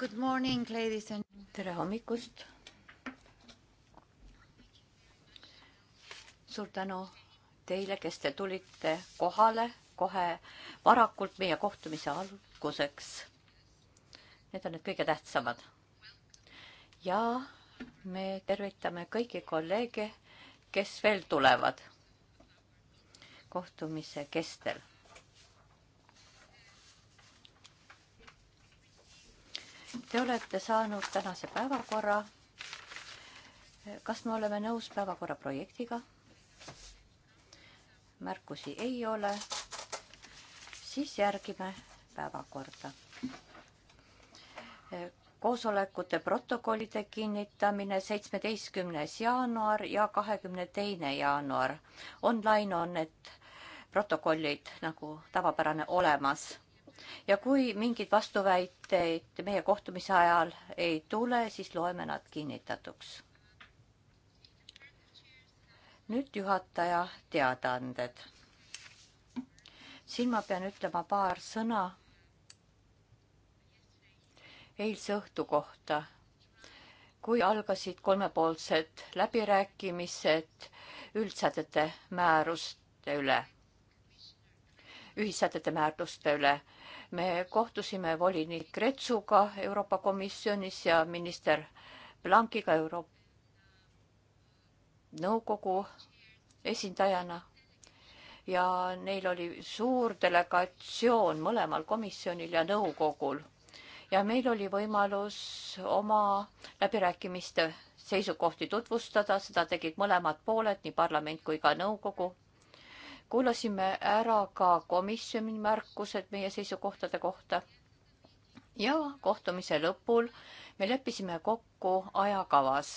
Good morning, ladies and... tere hommikust. suur tänu teile, kes te tulite kohale kohe varakult meie kohtumise alguseks. Need on need kõige tähtsamad. ja me tervitame kõiki kolleege, kes veel tulevad kohtumise kestel Te olete saanud tänase päevakorra. kas me oleme nõus päevakorra projektiga? märkusi ei ole. siis järgime päevakorda koosolekute protokollide kinnitamine seitsmeteistkümnes jaanuar ja kahekümne teine jaanuar. Online on need protokollid nagu tavapärane olemas ja kui mingeid vastuväiteid meie kohtumise ajal ei tule, siis loeme nad kinnitatuks. nüüd juhataja teadaanded. siin ma pean ütlema paar sõna eilse õhtu kohta, kui algasid kolmepoolsed läbirääkimised üldsätete määruste üle, ühissätete määruste üle me kohtusime volinik Retsuga Euroopa Komisjonis ja minister Blankiga Euroopa Nõukogu esindajana ja neil oli suur delegatsioon mõlemal komisjonil ja nõukogul ja meil oli võimalus oma läbirääkimiste seisukohti tutvustada, seda tegid mõlemad pooled, nii parlament kui ka nõukogu kuulasime ära ka komisjoni märkused meie seisukohtade kohta ja kohtumise lõpul me leppisime kokku ajakavas,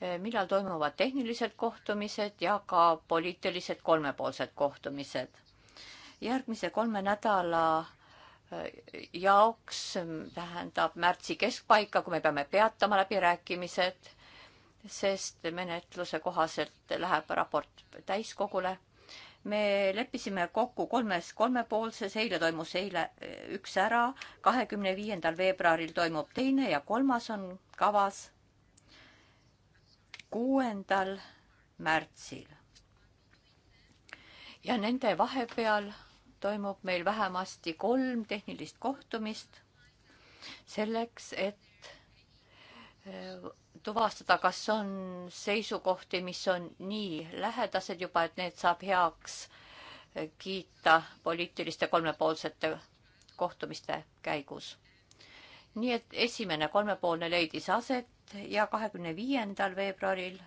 eh, millal toimuvad tehnilised kohtumised ja ka poliitilised kolmepoolsed kohtumised. järgmise kolme nädala eh, jaoks mm, tähendab märtsi keskpaika, kui me peame peatama läbirääkimised, sest menetluse kohaselt läheb raport täiskogule me leppisime kokku kolmes kolmepoolses, eile toimus eile eh, üks ära, kahekümne viiendal veebruaril toimub teine ja kolmas on kavas kuuendal märtsil. ja nende vahepeal toimub meil vähemasti kolm tehnilist kohtumist selleks, et tuvastada, kas on seisukohti, mis on nii lähedased juba, et need saab heaks kiita poliitiliste kolmepoolsete kohtumiste käigus. nii et esimene kolmepoolne leidis aset ja kahekümne viiendal veebruaril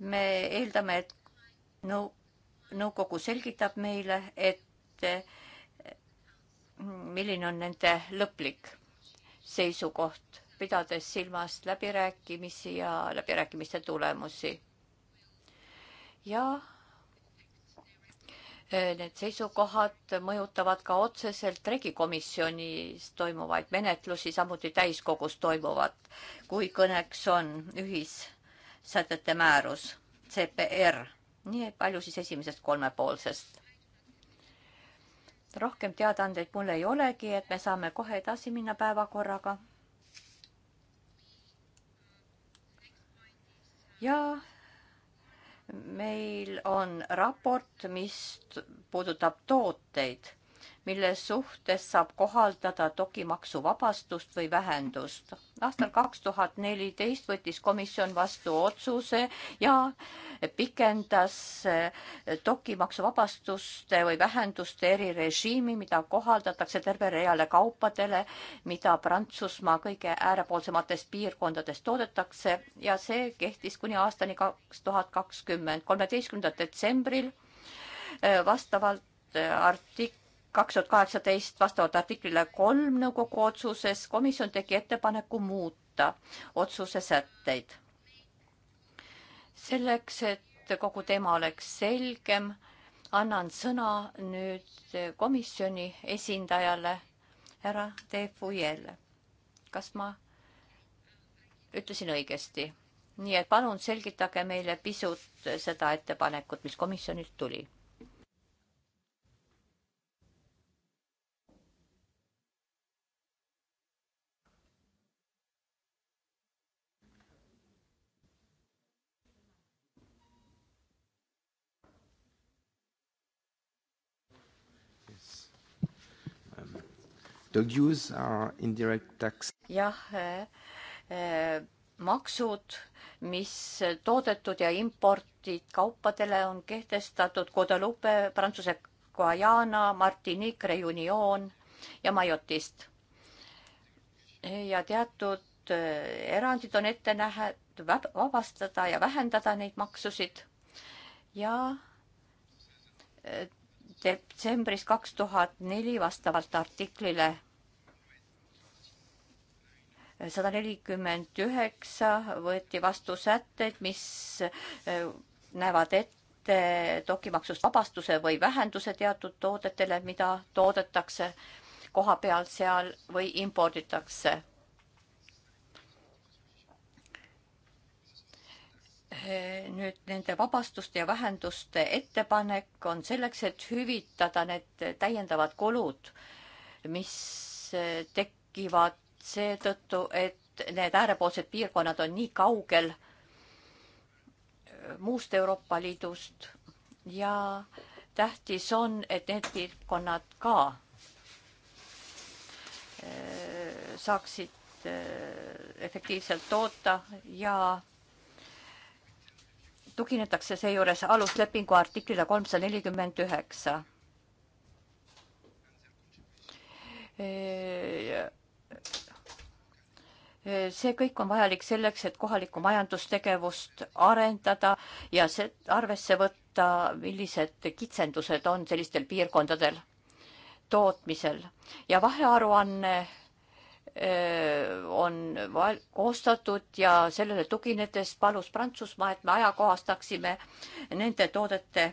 me eeldame, et nõu-, nõukogu selgitab meile, et milline on nende lõplik seisukoht pidades silmas läbirääkimisi ja läbirääkimiste tulemusi. ja e, need seisukohad mõjutavad ka otseselt regikomisjonis toimuvaid menetlusi, samuti täiskogus toimuvat, kui kõneks on ühissätete määrus CPR. nii palju siis esimesest kolmepoolsest rohkem teadaandeid mul ei olegi, et me saame kohe edasi minna päevakorraga. ja meil on raport, mis puudutab tooteid mille suhtes saab kohaldada dokimaksuvabastust või vähendust. aastal kaks tuhat neliteist võttis komisjon vastu otsuse ja pikendas dokimaksuvabastuste eh, või vähenduste erirežiimi, mida kohaldatakse terve reale kaupadele, mida Prantsusmaa kõige äärepoolsemates piirkondades toodetakse ja see kehtis kuni aastani kaks tuhat kakskümmend, kolmeteistkümnendal detsembril eh, vastavalt eh, artik-, kaks tuhat kaheksateist vastavalt artiklile kolm nõukogu otsuses komisjon tegi ettepaneku muuta otsuse sätteid. selleks, et kogu teema oleks selgem, annan sõna nüüd komisjoni esindajale, härra De Fuyele. kas ma ütlesin õigesti? nii et palun selgitage meile pisut seda ettepanekut, mis komisjonilt tuli Dog use are indirect tax. jah eh, eh, maksud, mis toodetud ja importid kaupadele on kehtestatud Guadeloupe, Prantsuse Guajana, Martinique, Reunion ja Majotist. Eh, ja teatud eh, erandid on ette nähtud vabastada ja vähendada neid maksusid ja eh, detsembris kaks tuhat neli vastavalt artiklile sada nelikümmend üheksa võeti vastu sätted, mis eh, näevad ette dokimaksust vabastuse või vähenduse teatud toodetele, mida toodetakse koha peal seal või imporditakse Eh, nüüd nende vabastuste ja vähenduste ettepanek on selleks, et hüvitada need täiendavad kulud, mis eh, tekivad seetõttu, et need äärepoolsed piirkonnad on nii kaugel eh, muust Euroopa Liidust ja tähtis on, et need piirkonnad ka saaksid efektiivselt toota ja tuginetakse seejuures aluslepingu artiklile kolmsada nelikümmend üheksa. see kõik on vajalik selleks, et kohalikku majandustegevust arendada ja see arvesse võtta, millised kitsendused on sellistel piirkondadel tootmisel ja vahearuanne on koostatud ja sellele tuginedes palus Prantsusmaa, et me ajakohastaksime nende toodete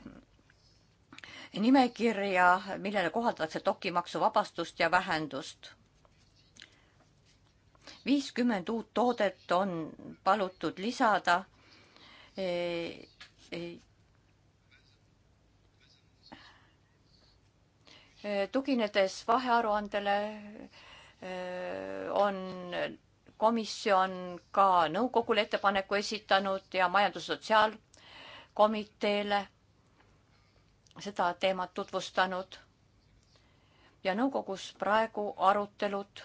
nimekirja, millele kohaldatakse dokimaksuvabastust ja vähendust. viiskümmend uut toodet on palutud lisada. E, e, e, tuginedes vahearuandele on komisjon ka nõukogule ettepaneku esitanud ja majandus-sotsiaalkomiteele seda teemat tutvustanud. ja nõukogus praegu arutelud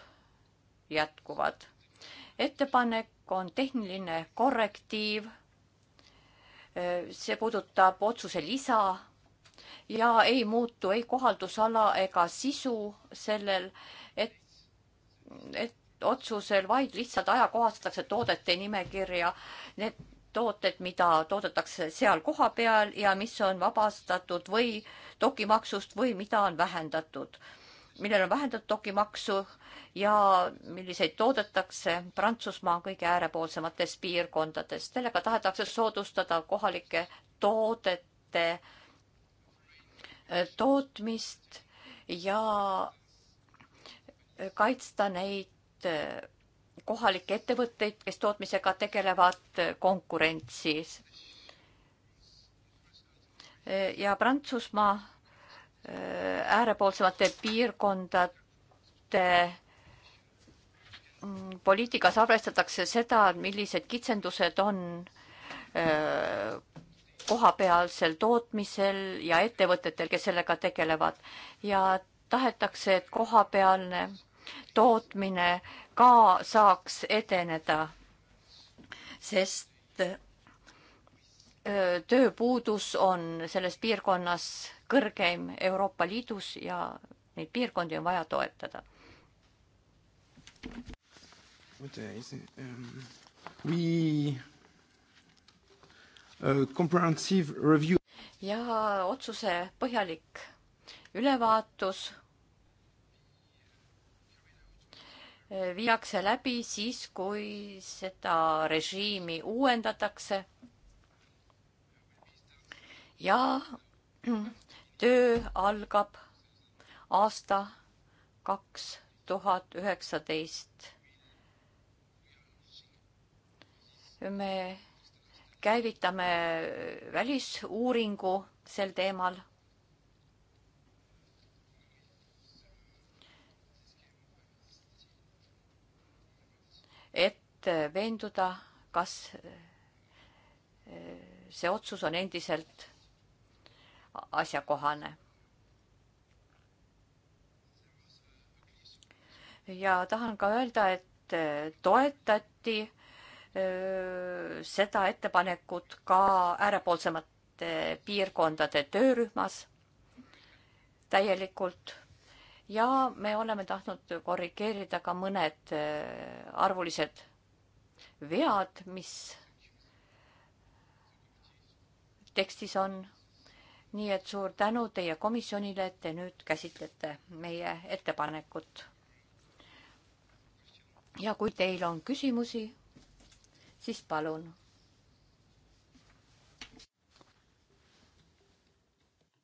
jätkuvad. ettepanek on tehniline korrektiiv. see puudutab otsuse lisa ja ei muutu ei kohaldusala ega sisu sellel, et et otsusel, vaid lihtsalt ajakohastatakse toodete nimekirja. Need tooted, mida toodetakse seal kohapeal ja mis on vabastatud või dokimaksust või mida on vähendatud, millel on vähendatud dokimaksu ja milliseid toodetakse Prantsusmaa kõige äärepoolsemates piirkondades. sellega tahetakse soodustada kohalike toodete eh, tootmist ja kaitsta neid eh, kohalikke ettevõtteid, kes tootmisega tegelevad eh, konkurentsis. Eh, ja Prantsusmaa äärepoolsemate piirkondade mm, poliitikas arvestatakse seda, millised kitsendused on kohapealsel tootmisel ja ettevõtetel, kes sellega tegelevad ja tahetakse, et kohapealne tootmine ka saaks edeneda, sest tööpuudus on selles piirkonnas kõrgeim Euroopa Liidus ja neid piirkondi on vaja toetada. What is it? Um, we uh, comprehensive review. ja otsuse põhjalik ülevaatus viiakse läbi siis, kui seda režiimi uuendatakse. ja töö algab aasta kaks tuhat üheksateist. me käivitame välisuuringu sel teemal et veenduda, kas eh, see otsus on endiselt asjakohane. ja tahan ka öelda, et eh, toetati öö, eh, seda ettepanekut ka äärepoolsemate piirkondade töörühmas täielikult ja me oleme tahtnud korrigeerida ka mõned äh, arvulised vead, mis tekstis on. nii et suur tänu teie komisjonile, et te nüüd käsitlete meie ettepanekut. ja kui teil on küsimusi, siis palun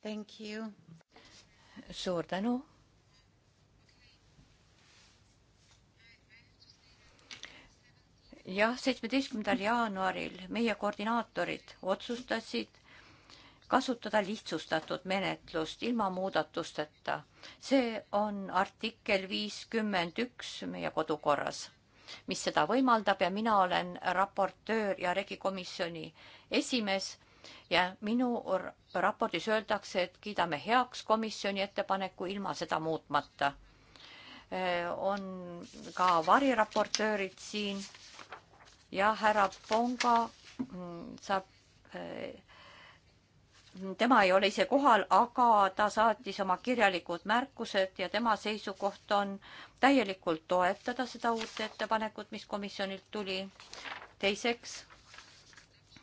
Thank you. suur tänu. jah, seitsmeteistkümnendal jaanuaril meie koordinaatorid otsustasid kasutada lihtsustatud menetlust ilma muudatusteta. see on artikkel viiskümmend üks meie kodukorras, mis seda võimaldab ja mina olen raportöör ja regikomisjoni esimees ja minu raportis öeldakse, et kiidame heaks komisjoni ettepaneku ilma seda muutmata. Äh, on ka variraportöörid siin ja härra Ponga mm, saab, eh, tema ei ole ise kohal, aga ta saatis oma kirjalikud märkused ja tema seisukoht on täielikult toetada seda uut ettepanekut, mis komisjonilt tuli. teiseks,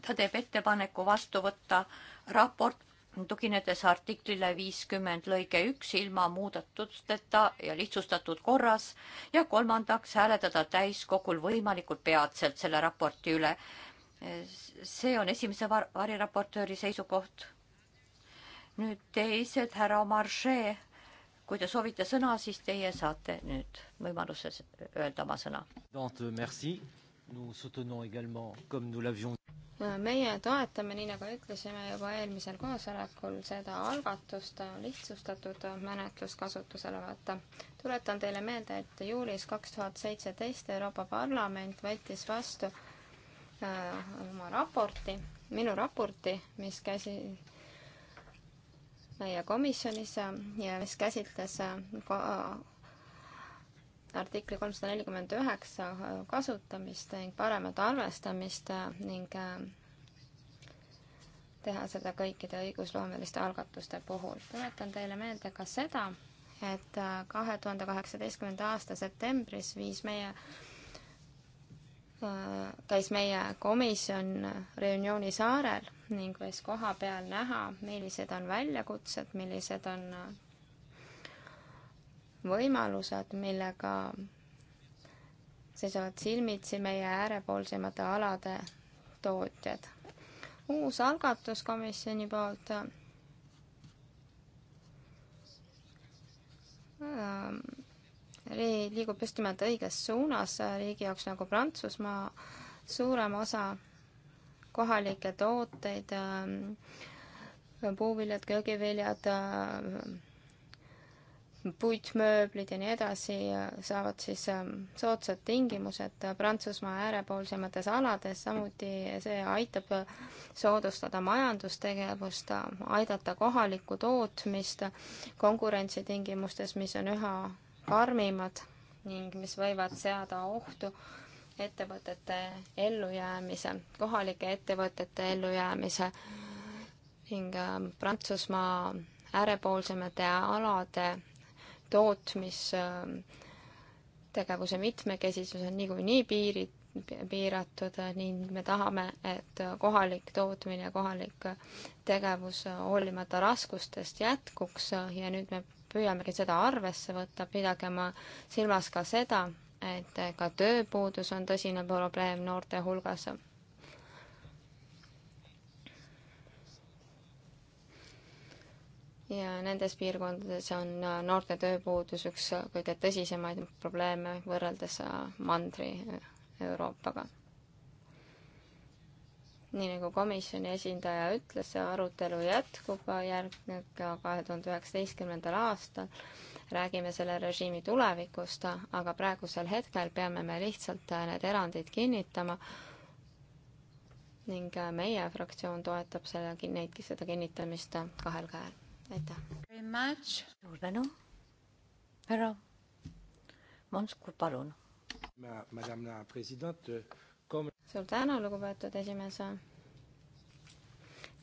ta teeb ettepaneku vastu võtta raport tuginedes artiklile viiskümmend lõige üks ilma muudatusteta ja lihtsustatud korras ja kolmandaks hääletada täiskogul võimalikult peatselt selle raporti üle. see on esimese var variraportööri seisukoht. nüüd teised, härra Omarchee, kui te soovite sõna, siis teie saate nüüd võimaluse öelda oma sõna. Merci. Nous soutenons également, comme nous l'avions meie toetame, nii nagu ütlesime juba eelmisel koosolekul, seda algatust lihtsustatud menetlus kasutusele võtta. tuletan teile meelde, et juulis kaks tuhat seitseteist Euroopa Parlament võttis vastu äh, oma raporti, minu raporti, mis käsi meie komisjonis ja mis käsitles äh, artikli kolmsada nelikümmend üheksa äh, kasutamist ning paremat arvestamist äh, ning äh, teha seda kõikide õigusloomeliste algatuste puhul. tuletan teile meelde ka seda, et kahe tuhande kaheksateistkümnenda aasta septembris viis meie käis meie komisjon reunjooni saarel ning võis koha peal näha, millised on väljakutsed, millised on võimalused, millega seisavad silmitsi meie äärepoolsemate alade tootjad. uus algatus komisjoni poolt ähm, liigub just nimelt õiges suunas riigi jaoks nagu Prantsusmaa, suurem osa kohalikke tooteid ähm,, puuviljad, köögiviljad äh,, puitmööblid ja nii edasi saavad siis ähm, soodsad tingimused Prantsusmaa äärepoolsemates alades, samuti see aitab äh, soodustada majandustegevust, äh, aidata kohalikku tootmist konkurentsitingimustes, mis on üha karmimad ning mis võivad seada ohtu ettevõtete ellujäämise, kohalike ettevõtete ellujäämise ning ähm, Prantsusmaa äärepoolsemate alade tootmistegevuse mitmekesisus on niikuinii piirid, piiratud ning me tahame, et kohalik tootmine, kohalik tegevus hoolimata raskustest jätkuks ja nüüd me püüamegi seda arvesse võtta, pidagem silmas ka seda, et ka tööpuudus on tõsine probleem noorte hulgas ja nendes piirkondades on äh, noorte tööpuudus üks äh, kõige tõsisemaid probleeme võrreldes äh, Mandri-Euroopaga. nii nagu komisjoni esindaja ütles, see arutelu jätkub järgneb ka kahe tuhande üheksateistkümnendal aastal. räägime selle režiimi tulevikust, aga praegusel hetkel peame me lihtsalt need erandid kinnitama ning meie fraktsioon toetab selle, neid, seda kinnitamist kahel käel aitäh. suur tänu, härra Monsku, palun. suur tänu, lugupeetud esimees.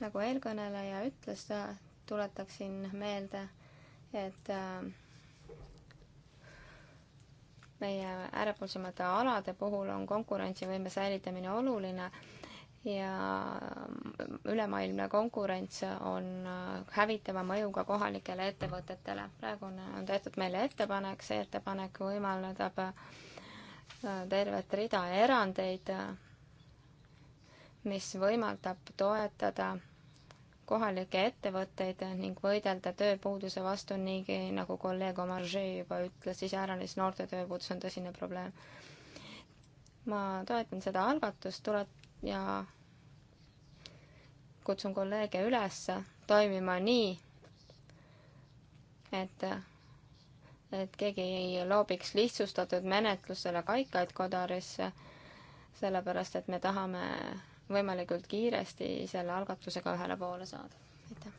nagu eelkõneleja ütles, tuletaksin meelde, et äh, meie äärepoolsemate alade puhul on konkurentsivõime säilitamine oluline ja ülemaailmne konkurents on hävitava mõjuga kohalikele ettevõtetele. praegu on, on tehtud meile ettepanek, see ettepanek võimaldab äh, tervet rida erandeid, mis võimaldab toetada kohalikke ettevõtteid ning võidelda tööpuuduse vastu, niigi nagu kolleeg Omarjee juba ütles, iseäranis noorte tööpuudus on tõsine probleem. ma toetan seda algatust, tule- ja kutsun kolleege üles toimima nii, et, et keegi ei loobiks lihtsustatud menetlusele kaikaid kodarisse, sellepärast et me tahame võimalikult kiiresti selle algatusega ühele poole saada. aitäh!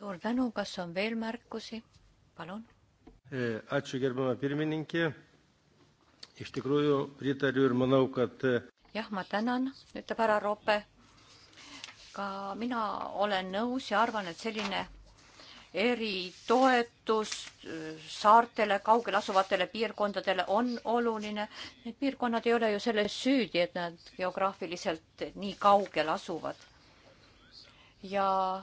suur tänu, kas on veel märkusi? palun. Eh, ačiū, gerbama pirmininkė. Iš tikrųjų pritariu ir manau, kad eh, jah, ma tänan, ütleb härra Roope. ka mina olen nõus ja arvan, et selline eritoetus saartele, kaugel asuvatele piirkondadele on oluline. Need piirkonnad ei ole ju selles süüdi, et nad geograafiliselt nii kaugel asuvad. ja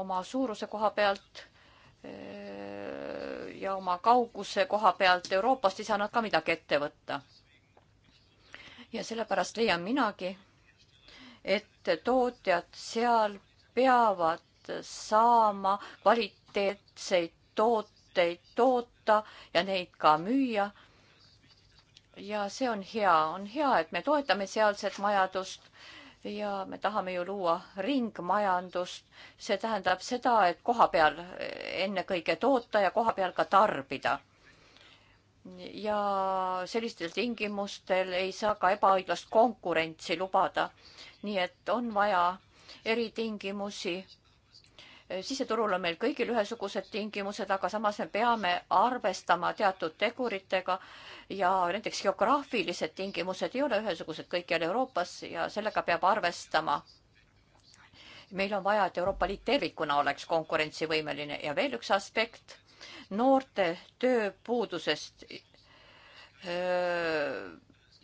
oma suuruse koha pealt eh, ja oma kauguse koha pealt Euroopast ei saa nad ka midagi ette võtta ja sellepärast leian minagi, et tootjad seal peavad saama kvaliteetseid tooteid toota ja neid ka müüa. ja see on hea, on hea, et me toetame sealset majandust ja me tahame ju luua ringmajandust. see tähendab seda, et koha peal ennekõike toota ja koha peal ka tarbida ja sellistel tingimustel ei saa ka ebaõiglast konkurentsi lubada. nii et on vaja eritingimusi. siseturul on meil kõigil ühesugused tingimused, aga samas me peame arvestama teatud teguritega ja näiteks geograafilised tingimused ei ole ühesugused kõikjal Euroopas ja sellega peab arvestama meil on vaja, et Euroopa Liit tervikuna oleks konkurentsivõimeline ja veel üks aspekt noorte tööpuudusest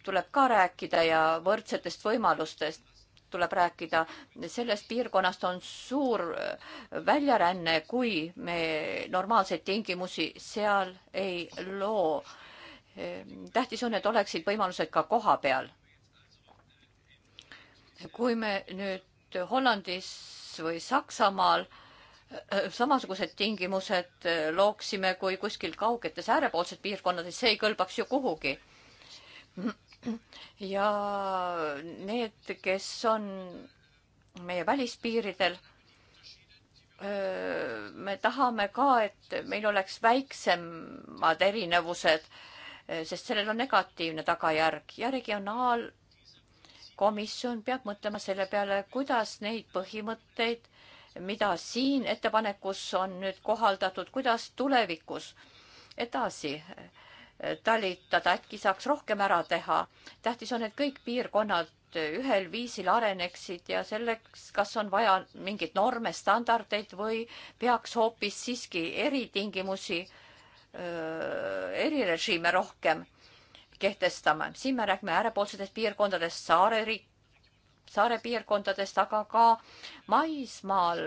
tuleb ka rääkida ja võrdsetest võimalustest tuleb rääkida. sellest piirkonnast on suur väljaränne, kui me normaalseid tingimusi seal ei loo. tähtis on, et oleksid võimalused ka kohapeal. kui me nüüd Hollandis või Saksamaal äh, Äh, samasugused tingimused äh, looksime kui kuskil kaugetes äärepoolsed piirkonnades, see ei kõlbaks ju kuhugi. ja need, kes on meie välispiiridel, äh, me tahame ka, et meil oleks väiksemad erinevused, sest sellel on negatiivne tagajärg ja regionaalkomisjon peab mõtlema selle peale, kuidas neid põhimõtteid mida siin ettepanekus on nüüd kohaldatud, kuidas tulevikus edasi talitada, äkki saaks rohkem ära teha. tähtis on, et kõik piirkonnad ühel viisil areneksid ja selleks, kas on vaja mingeid norme, standardeid või peaks hoopis siiski eritingimusi, erirežiime rohkem kehtestama. siin me räägime äärepoolsetest piirkondadest, saareriik, saare piirkondadest, aga ka maismaal,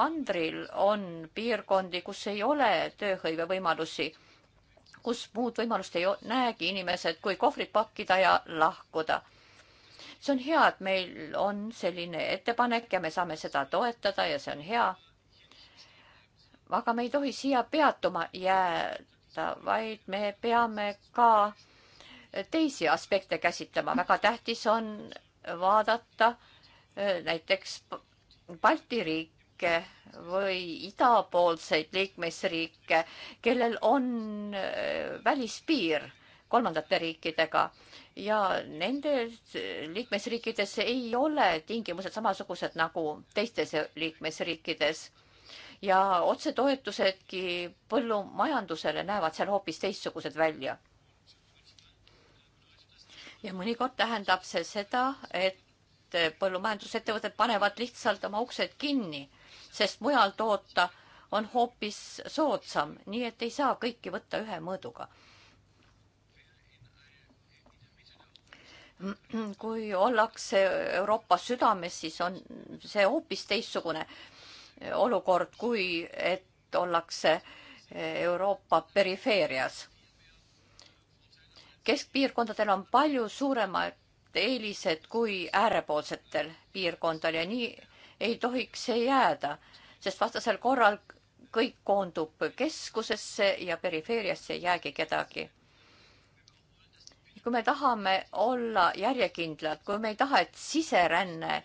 mandril on piirkondi, kus ei ole tööhõivevõimalusi, kus muud võimalust ei näegi inimesed, kui kohvrid pakkida ja lahkuda. see on hea, et meil on selline ettepanek ja me saame seda toetada ja see on hea. aga me ei tohi siia peatuma jääda, vaid me peame ka teisi aspekte käsitlema. väga tähtis on vaadata äh, näiteks Balti riike või idapoolseid liikmesriike, kellel on äh, välispiir kolmandate riikidega ja nendes äh, liikmesriikides ei ole tingimused samasugused nagu teistes liikmesriikides. ja otsetoetusedki põllumajandusele näevad seal hoopis teistsugused välja ja mõnikord tähendab see seda, et põllumajandusettevõtted panevad lihtsalt oma uksed kinni, sest mujal toota on hoopis soodsam, nii et ei saa kõiki võtta ühe mõõduga. kui ollakse Euroopa südames, siis on see hoopis teistsugune olukord, kui et ollakse Euroopa perifeerias keskpiirkondadel on palju suuremad eelised kui äärepoolsetel piirkondadel ja nii ei tohiks see jääda, sest vastasel korral kõik koondub keskusesse ja perifeeriasse ei jäägi kedagi. kui me tahame olla järjekindlad, kui me ei taha, et siseränne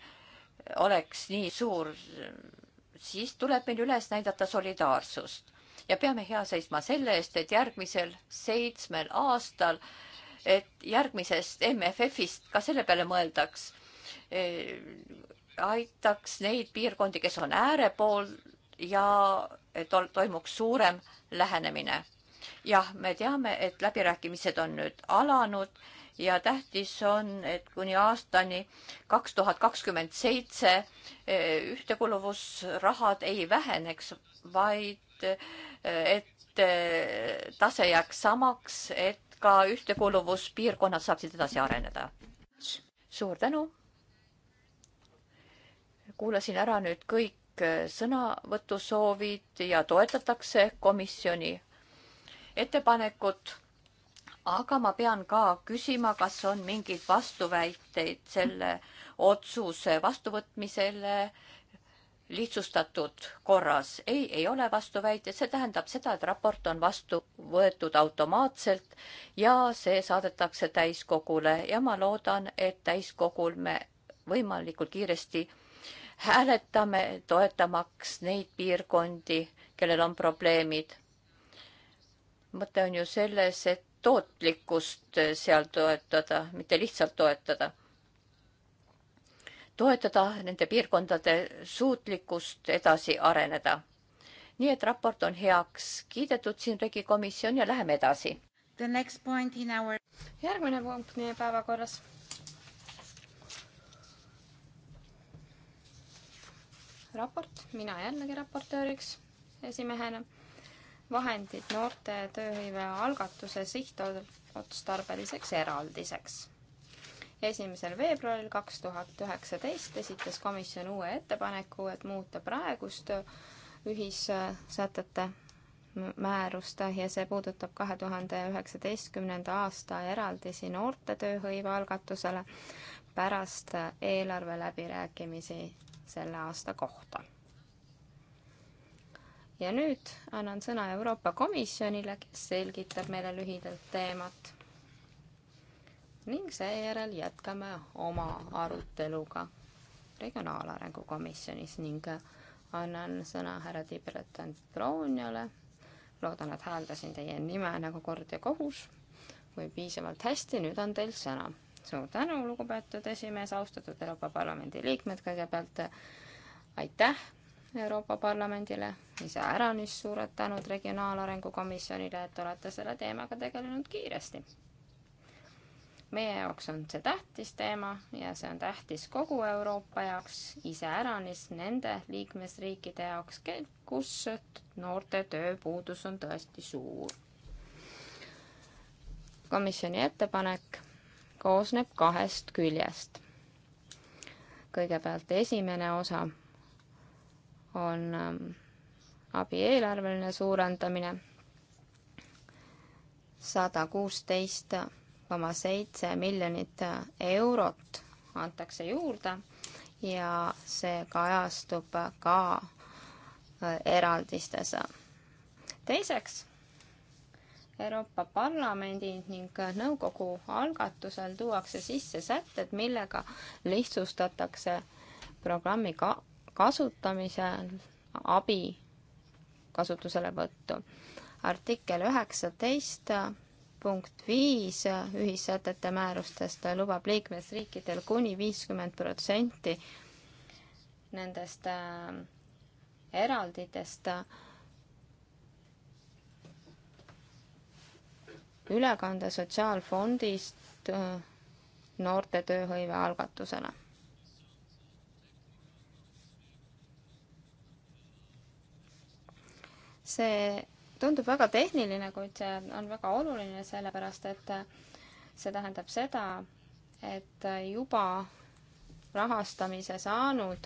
oleks nii suur, siis tuleb meil üles näidata solidaarsust ja peame hea seisma selle eest, et järgmisel seitsmel aastal et järgmisest MFF-ist ka selle peale mõeldaks eh,. aitaks neid piirkondi, kes on äärepool ja et toimuks suurem lähenemine. jah, me teame, et läbirääkimised on nüüd alanud ja tähtis on, et kuni aastani kaks tuhat kakskümmend seitse eh, ühtekuluvusrahad ei väheneks, vaid eh, et eh, tase jääks samaks, et ka ühtekuuluvuspiirkonnad saaksid edasi areneda. suur tänu. kuulasin ära nüüd kõik sõnavõtusoovid ja toetatakse komisjoni ettepanekut. aga ma pean ka küsima, kas on mingeid vastuväiteid selle otsuse vastuvõtmisele lihtsustatud korras. ei, ei ole vastuväiteid, see tähendab seda, et raport on vastu võetud automaatselt ja see saadetakse täiskogule ja ma loodan, et täiskogul me võimalikult kiiresti hääletame, toetamaks neid piirkondi, kellel on probleemid. mõte on ju selles, et tootlikkust seal toetada, mitte lihtsalt toetada toetada nende piirkondade suutlikkust edasi areneda. nii et raport on heaks kiidetud siin regikomisjon ja läheme edasi. Our... järgmine punkt meie päevakorras raport, mina jällegi raportööriks esimehena. vahendid noorte tööhõive algatuse sihtotstarbeliseks eraldiseks esimesel veebruaril kaks tuhat üheksateist esitas komisjon uue ettepaneku, et muuta praegust ühissätete määrust ja see puudutab kahe tuhande üheksateistkümnenda aasta eraldisi noorte tööhõive algatusele pärast eelarve läbirääkimisi selle aasta kohta ja nüüd annan sõna Euroopa Komisjonile, kes selgitab meile lühidalt teemat ning seejärel jätkame oma aruteluga Regionaalarengu Komisjonis ning annan sõna härra Tiberetan Brooniale. loodan, et hääldasin teie nime nagu kord ja kohus või piisavalt hästi, nüüd on teil sõna. suur tänu, lugupeetud esimees, austatud Euroopa Parlamendi liikmed, kõigepealt aitäh Euroopa Parlamendile, iseäranis suured tänud Regionaalarengu Komisjonile, et olete selle teemaga tegelenud kiiresti meie jaoks on see tähtis teema ja see on tähtis kogu Euroopa jaoks, iseäranis nende liikmesriikide jaoks, kus noorte tööpuudus on tõesti suur. komisjoni ettepanek koosneb kahest küljest. kõigepealt esimene osa on ähm, abi eelarveline suurendamine sada kuusteist koma seitse miljonit eurot antakse juurde ja see kajastub ka äh, eraldistes. teiseks, Euroopa Parlamendi ning nõukogu algatusel tuuakse sisse sätted, millega lihtsustatakse programmi ka-, kasutamisel abi kasutuselevõttu. artikkel üheksateist punkt viis ühissätete määrustest lubab liikmesriikidel kuni viiskümmend protsenti nendest äh, eralditest üle kanda sotsiaalfondist äh, noorte tööhõive algatusele. see tundub väga tehniline, kuid see on väga oluline, sellepärast et see tähendab seda, et juba rahastamise saanud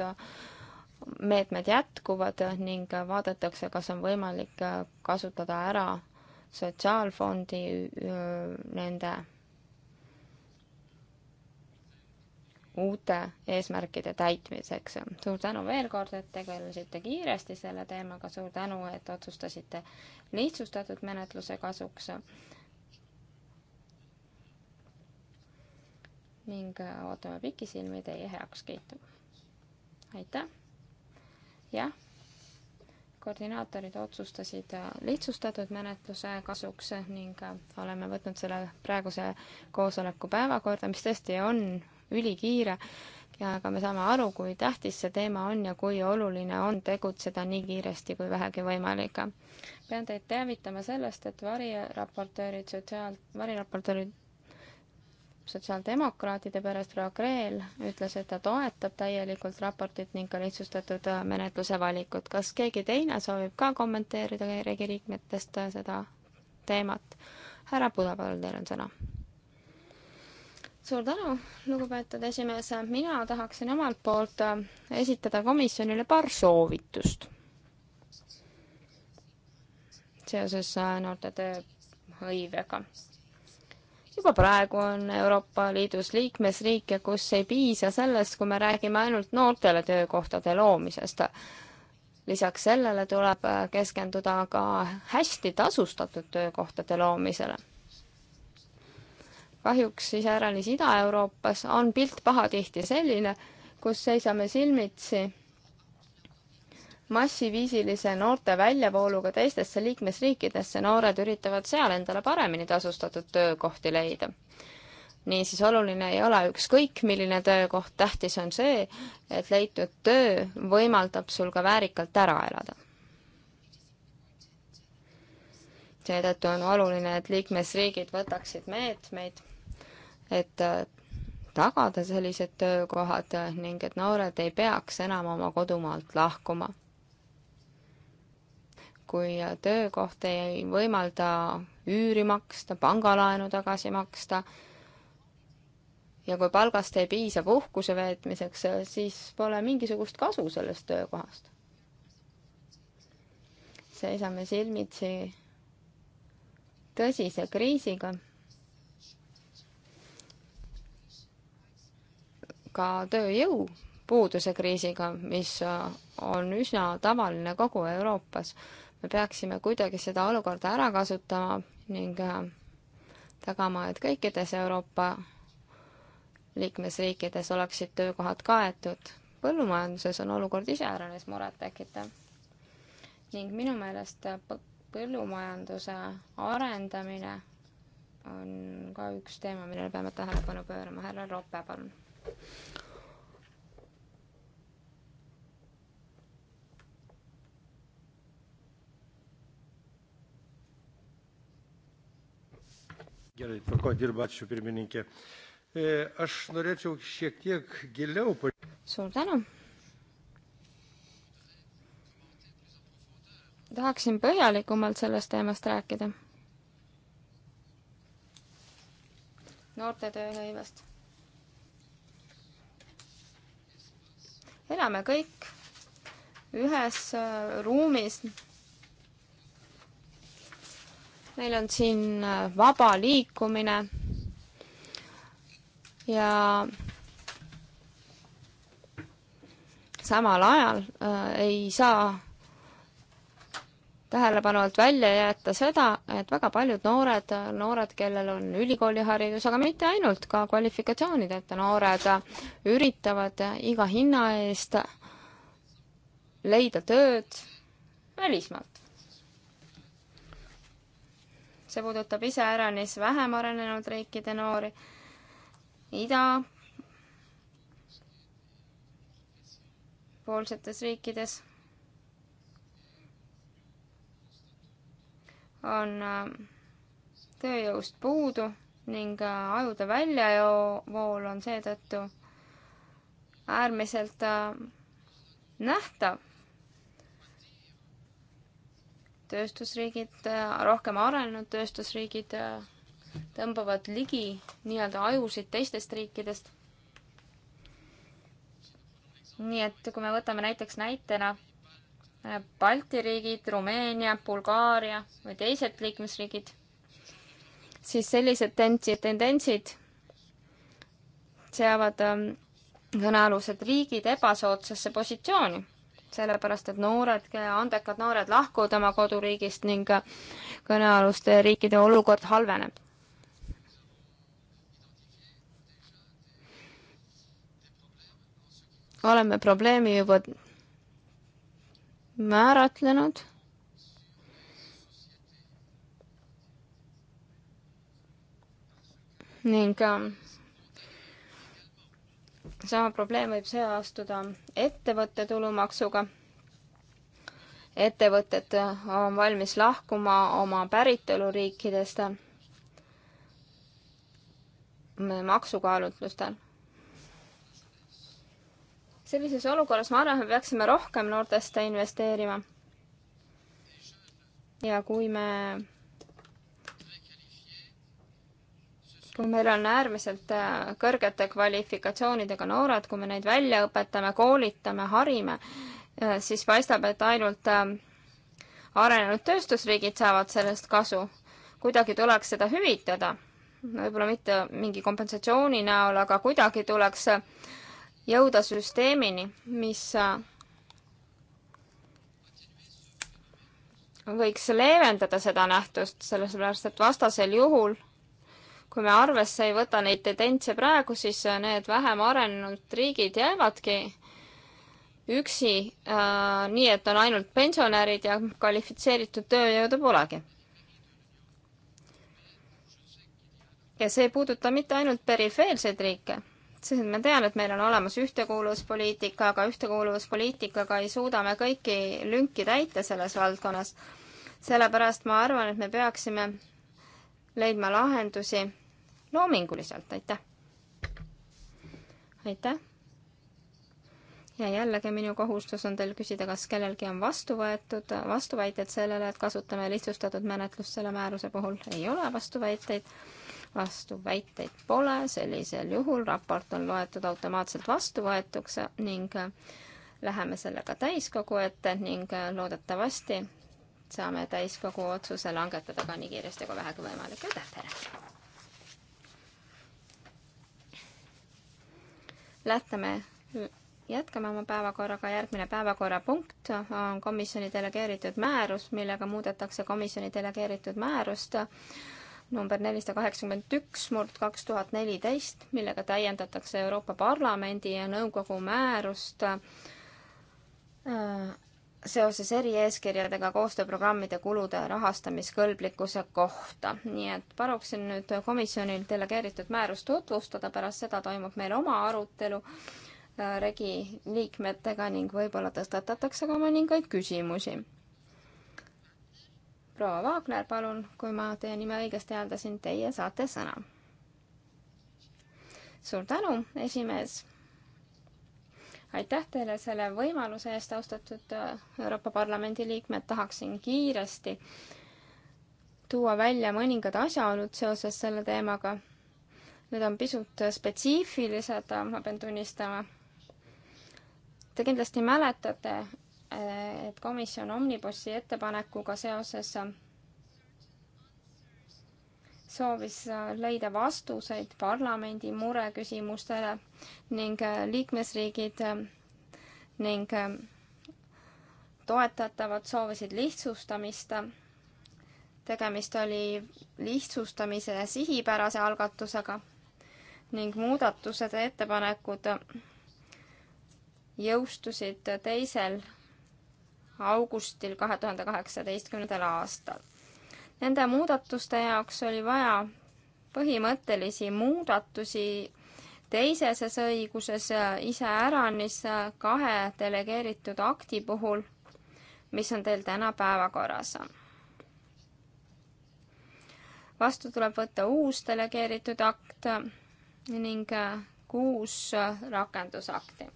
meetmed jätkuvad ning vaadatakse, kas on võimalik kasutada ära sotsiaalfondi äh, nende uute eesmärkide täitmiseks. suur tänu veel kord, et tegelesite kiiresti selle teemaga, suur tänu, et otsustasite lihtsustatud menetluse kasuks. ning äh, ootame pikisilmi teie heakskiitu. aitäh! jah, koordinaatorid otsustasid äh, lihtsustatud menetluse kasuks ning äh, oleme võtnud selle praeguse koosoleku päevakorda, mis tõesti on ülikiire ja aga me saame aru, kui tähtis see teema on ja kui oluline on tegutseda nii kiiresti kui vähegi võimalik. pean teid teavitama sellest, et variraportöörid sotsiaal, variraportöörid sotsiaaldemokraatide perest proua Kreel ütles, et ta toetab täielikult raportit ning ka lihtsustatud äh, menetluse valikut. kas keegi teine soovib ka kommenteerida Regi liikmetest äh, seda teemat? härra Puda, palun, teil on sõna suur tänu, lugupeetud esimees, mina tahaksin omalt poolt äh, esitada komisjonile paar soovitust seoses äh, noorte tööhõivega. juba praegu on Euroopa Liidus liikmesriike, kus ei piisa sellest, kui me räägime ainult noortele töökohtade loomisest. lisaks sellele tuleb äh, keskenduda ka hästi tasustatud töökohtade loomisele kahjuks iseäranis Ida-Euroopas on pilt pahatihti selline, kus seisame silmitsi massiviisilise noorte väljavooluga teistesse liikmesriikidesse, noored üritavad seal endale paremini tasustatud töökohti leida. niisiis, oluline ei ole ükskõik, milline töökoht, tähtis on see, et leitud töö võimaldab sul ka väärikalt ära elada. seetõttu on oluline, et liikmesriigid võtaksid meetmeid et äh, tagada sellised töökohad ning et noored ei peaks enam oma kodumaalt lahkuma. kui äh, töökoht ei võimalda üüri maksta, pangalaenu tagasi maksta ja kui palgast ei piisa puhkuse veetmiseks, äh, siis pole mingisugust kasu sellest töökohast. seisame silmitsi tõsise kriisiga ka tööjõupuuduse kriisiga, mis äh, on üsna tavaline kogu Euroopas. me peaksime kuidagi seda olukorda ära kasutama ning äh, tagama, et kõikides Euroopa liikmesriikides oleksid töökohad kaetud. põllumajanduses on olukord iseäranis murettekitav. ning minu meelest põllumajanduse arendamine on ka üks teema, millele peame tähelepanu pöörama. härra Roppe, palun Gerai, tvarko dirba, ačiū pirmininkė. E, aš norėčiau šiek tiek giliau. suur tänu. tahaksin põhjalikumalt sellest teemast rääkida. noorte tööhõivest elame kõik ühes äh, ruumis. meil on siin äh, vaba liikumine ja samal ajal äh, ei saa tähelepanu alt välja jätta seda, et väga paljud noored, noored, kellel on ülikooliharidus, aga mitte ainult, ka kvalifikatsioonideta noored üritavad iga hinna eest leida tööd välismaalt. see puudutab iseäranis vähem arenenud riikide noori, ida poolsetes riikides on äh, tööjõust puudu ning äh, ajude väljavool on seetõttu äärmiselt äh, nähtav. tööstusriigid, rohkem arenenud tööstusriigid tõmbavad ligi nii-öelda ajusid teistest riikidest. nii et kui me võtame näiteks näitena Balti riigid, Rumeenia, Bulgaaria või teised liikmesriigid, siis sellised tendentsid seavad kõnealused ähm, riigid ebasoodsasse positsiooni, sellepärast et noored, andekad noored lahkuvad oma koduriigist ning äh, kõnealuste riikide olukord halveneb. oleme probleemi juba määratlenud ning ähm, sama probleem võib seastuda ettevõtte tulumaksuga. ettevõtted äh, on valmis lahkuma oma päritoluriikidest äh, maksukaalutlustel sellises olukorras ma arvan, et me peaksime rohkem noortesse investeerima. ja kui me, kui meil on äärmiselt äh, kõrgete kvalifikatsioonidega noored, kui me neid välja õpetame, koolitame, harime, äh, siis paistab, et ainult äh, arenenud tööstusriigid saavad sellest kasu. kuidagi tuleks seda hüvitada võib-olla mitte mingi kompensatsiooni näol, aga kuidagi tuleks jõuda süsteemini, mis äh, võiks leevendada seda nähtust, sellepärast et vastasel juhul, kui me arvesse ei võta neid tendentse praegu, siis äh, need vähem arenenud riigid jäävadki üksi äh,, nii et on ainult pensionärid ja kvalifitseeritud tööjõudu polegi. ja see ei puuduta mitte ainult perifeerseid riike siis ma tean, et meil on olemas ühtekuuluvuspoliitika, aga ühtekuuluvuspoliitikaga ei suuda me kõiki lünki täita selles valdkonnas. sellepärast ma arvan, et me peaksime leidma lahendusi loominguliselt, aitäh! aitäh! ja jällegi minu kohustus on teil küsida, kas kellelgi on vastu võetud vastuväited sellele, et kasutame lihtsustatud menetlust selle määruse puhul. ei ole vastuväiteid vastuväiteid pole, sellisel juhul raport on loetud automaatselt vastuvõetuks ning äh, läheme sellega täiskogu ette ning äh, loodetavasti saame täiskogu otsuse langetada ka nii kiiresti kui vähegi võimalik. aitäh teile! Lähtume, äh, jätkame oma päevakorraga, järgmine päevakorrapunkt on komisjoni delegeeritud määrus, millega muudetakse komisjoni delegeeritud määrust number nelisada kaheksakümmend üks murd kaks tuhat neliteist, millega täiendatakse Euroopa Parlamendi ja Nõukogu määrust äh, seoses erieeskirjadega koostööprogrammide kulude rahastamiskõlblikkuse kohta. nii et paluksin nüüd komisjonil delegeeritud määrust tutvustada, pärast seda toimub meil oma arutelu äh, regi liikmetega ning võib-olla tõstatatakse ka mõningaid küsimusi proua Vaagner, palun, kui ma teie nime õigesti hääldasin, teie saate sõna. suur tänu, esimees. aitäh teile selle võimaluse eest, austatud äh, Euroopa Parlamendi liikmed, tahaksin kiiresti tuua välja mõningad asjaolud seoses selle teemaga. Need on pisut spetsiifilised, ma pean tunnistama. Te kindlasti mäletate, et komisjon Omnibussi ettepanekuga seoses soovis leida vastuseid parlamendi mureküsimustele ning liikmesriigid ning toetatavad soovisid lihtsustamist. tegemist oli lihtsustamise sihipärase algatusega ning muudatused ja ettepanekud jõustusid teisel augustil kahe tuhande kaheksateistkümnendal aastal. Nende muudatuste jaoks oli vaja põhimõttelisi muudatusi teiseses õiguses iseäranis kahe delegeeritud akti puhul, mis on teil täna päevakorras. vastu tuleb võtta uus delegeeritud akt ning kuus rakendusakti.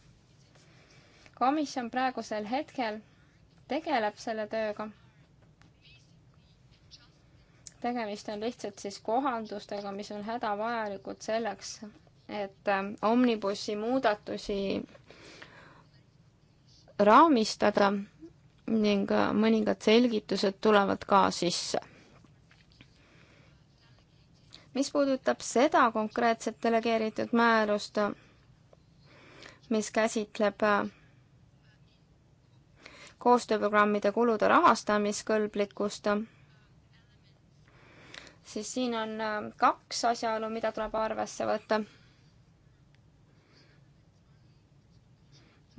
komisjon praegusel hetkel tegeleb selle tööga. tegemist on lihtsalt siis kohandustega, mis on hädavajalikud selleks, et ähm, omnibussi muudatusi raamistada ning äh, mõningad selgitused tulevad ka sisse. mis puudutab seda konkreetset delegeeritud määrust, mis käsitleb äh, koostööprogrammide kulude rahastamiskõlblikkust, siis siin on äh, kaks asjaolu, mida tuleb arvesse võtta.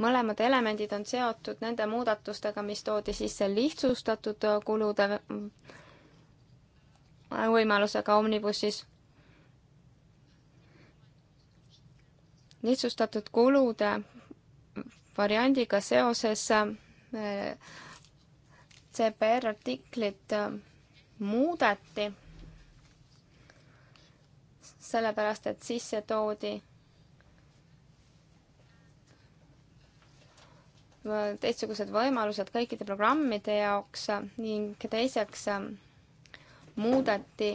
mõlemad elemendid on seotud nende muudatustega, mis toodi sisse lihtsustatud äh, kulude äh, võimalusega Omnibussis lihtsustatud kulude variandiga seoses CPR artiklit äh, muudeti, sellepärast et sisse toodi teistsugused võimalused kõikide programmide jaoks äh, ning teiseks äh, muudeti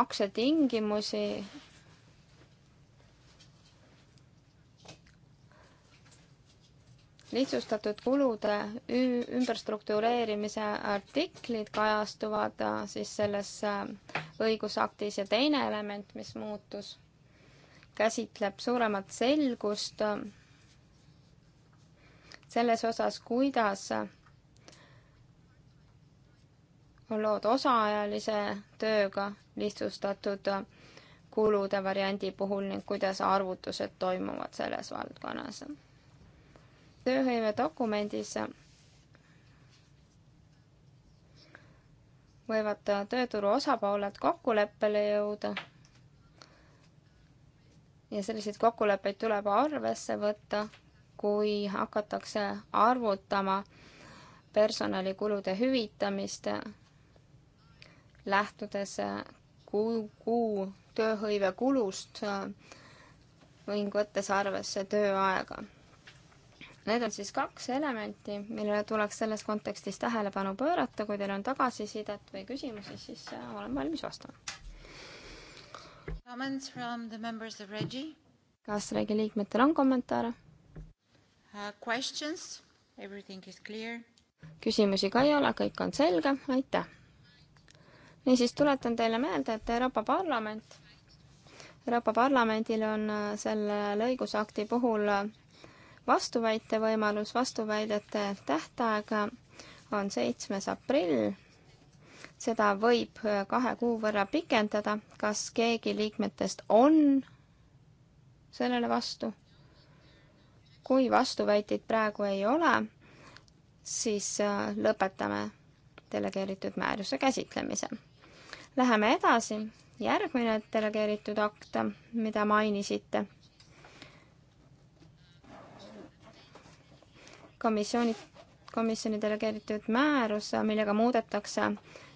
maksetingimusi lihtsustatud kulude ümberstruktureerimise artiklid kajastuvad äh, siis selles äh, õigusaktis ja teine element, mis muutus, käsitleb suuremat selgust äh, selles osas, kuidas on lood osaajalise tööga lihtsustatud kulude variandi puhul ning kuidas arvutused toimuvad selles valdkonnas tööhõive dokumendis võivad tööturu osapooled kokkuleppele jõuda ja selliseid kokkuleppeid tuleb arvesse võtta, kui hakatakse arvutama personalikulude hüvitamist, lähtudes kuu, kuu tööhõive kulust ning võttes arvesse tööaega Need on siis kaks elementi, millele tuleks selles kontekstis tähelepanu pöörata, kui teil on tagasisidet või küsimusi, siis äh, olen valmis vastama. kas Regi liikmetel on kommentaare uh,? küsimusi ka ei ole, kõik on selge, aitäh! niisiis tuletan teile meelde, et Euroopa Parlament Euroopa Parlamendil on äh, selle õigusakti puhul äh, vastuväite võimalus, vastuväidete tähtaeg on seitsmes aprill. seda võib kahe kuu võrra pikendada. kas keegi liikmetest on sellele vastu? kui vastuväiteid praegu ei ole, siis äh, lõpetame delegeeritud määruse käsitlemise. Läheme edasi, järgmine delegeeritud akt, mida mainisite komisjoni, komisjoni delegeeritud määrus, millega muudetakse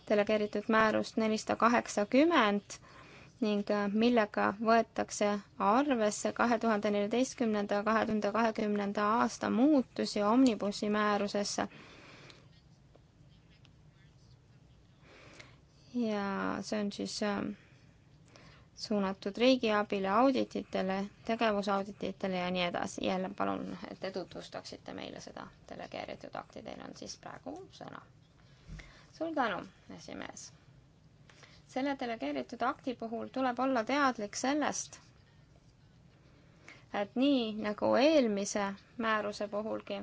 delegeeritud määrust nelisada kaheksakümmend ning millega võetakse arvesse kahe tuhande neljateistkümnenda, kahe tuhande kahekümnenda aasta muutusi Omnibussi määrusesse. ja see on siis äh, suunatud riigiabile, audititele, tegevusaudititele ja nii edasi. jälle palun, et te tutvustaksite meile seda delegeeritud akti, teil on siis praegu sõna. suur tänu, esimees. selle delegeeritud akti puhul tuleb olla teadlik sellest, et nii nagu eelmise määruse puhulgi,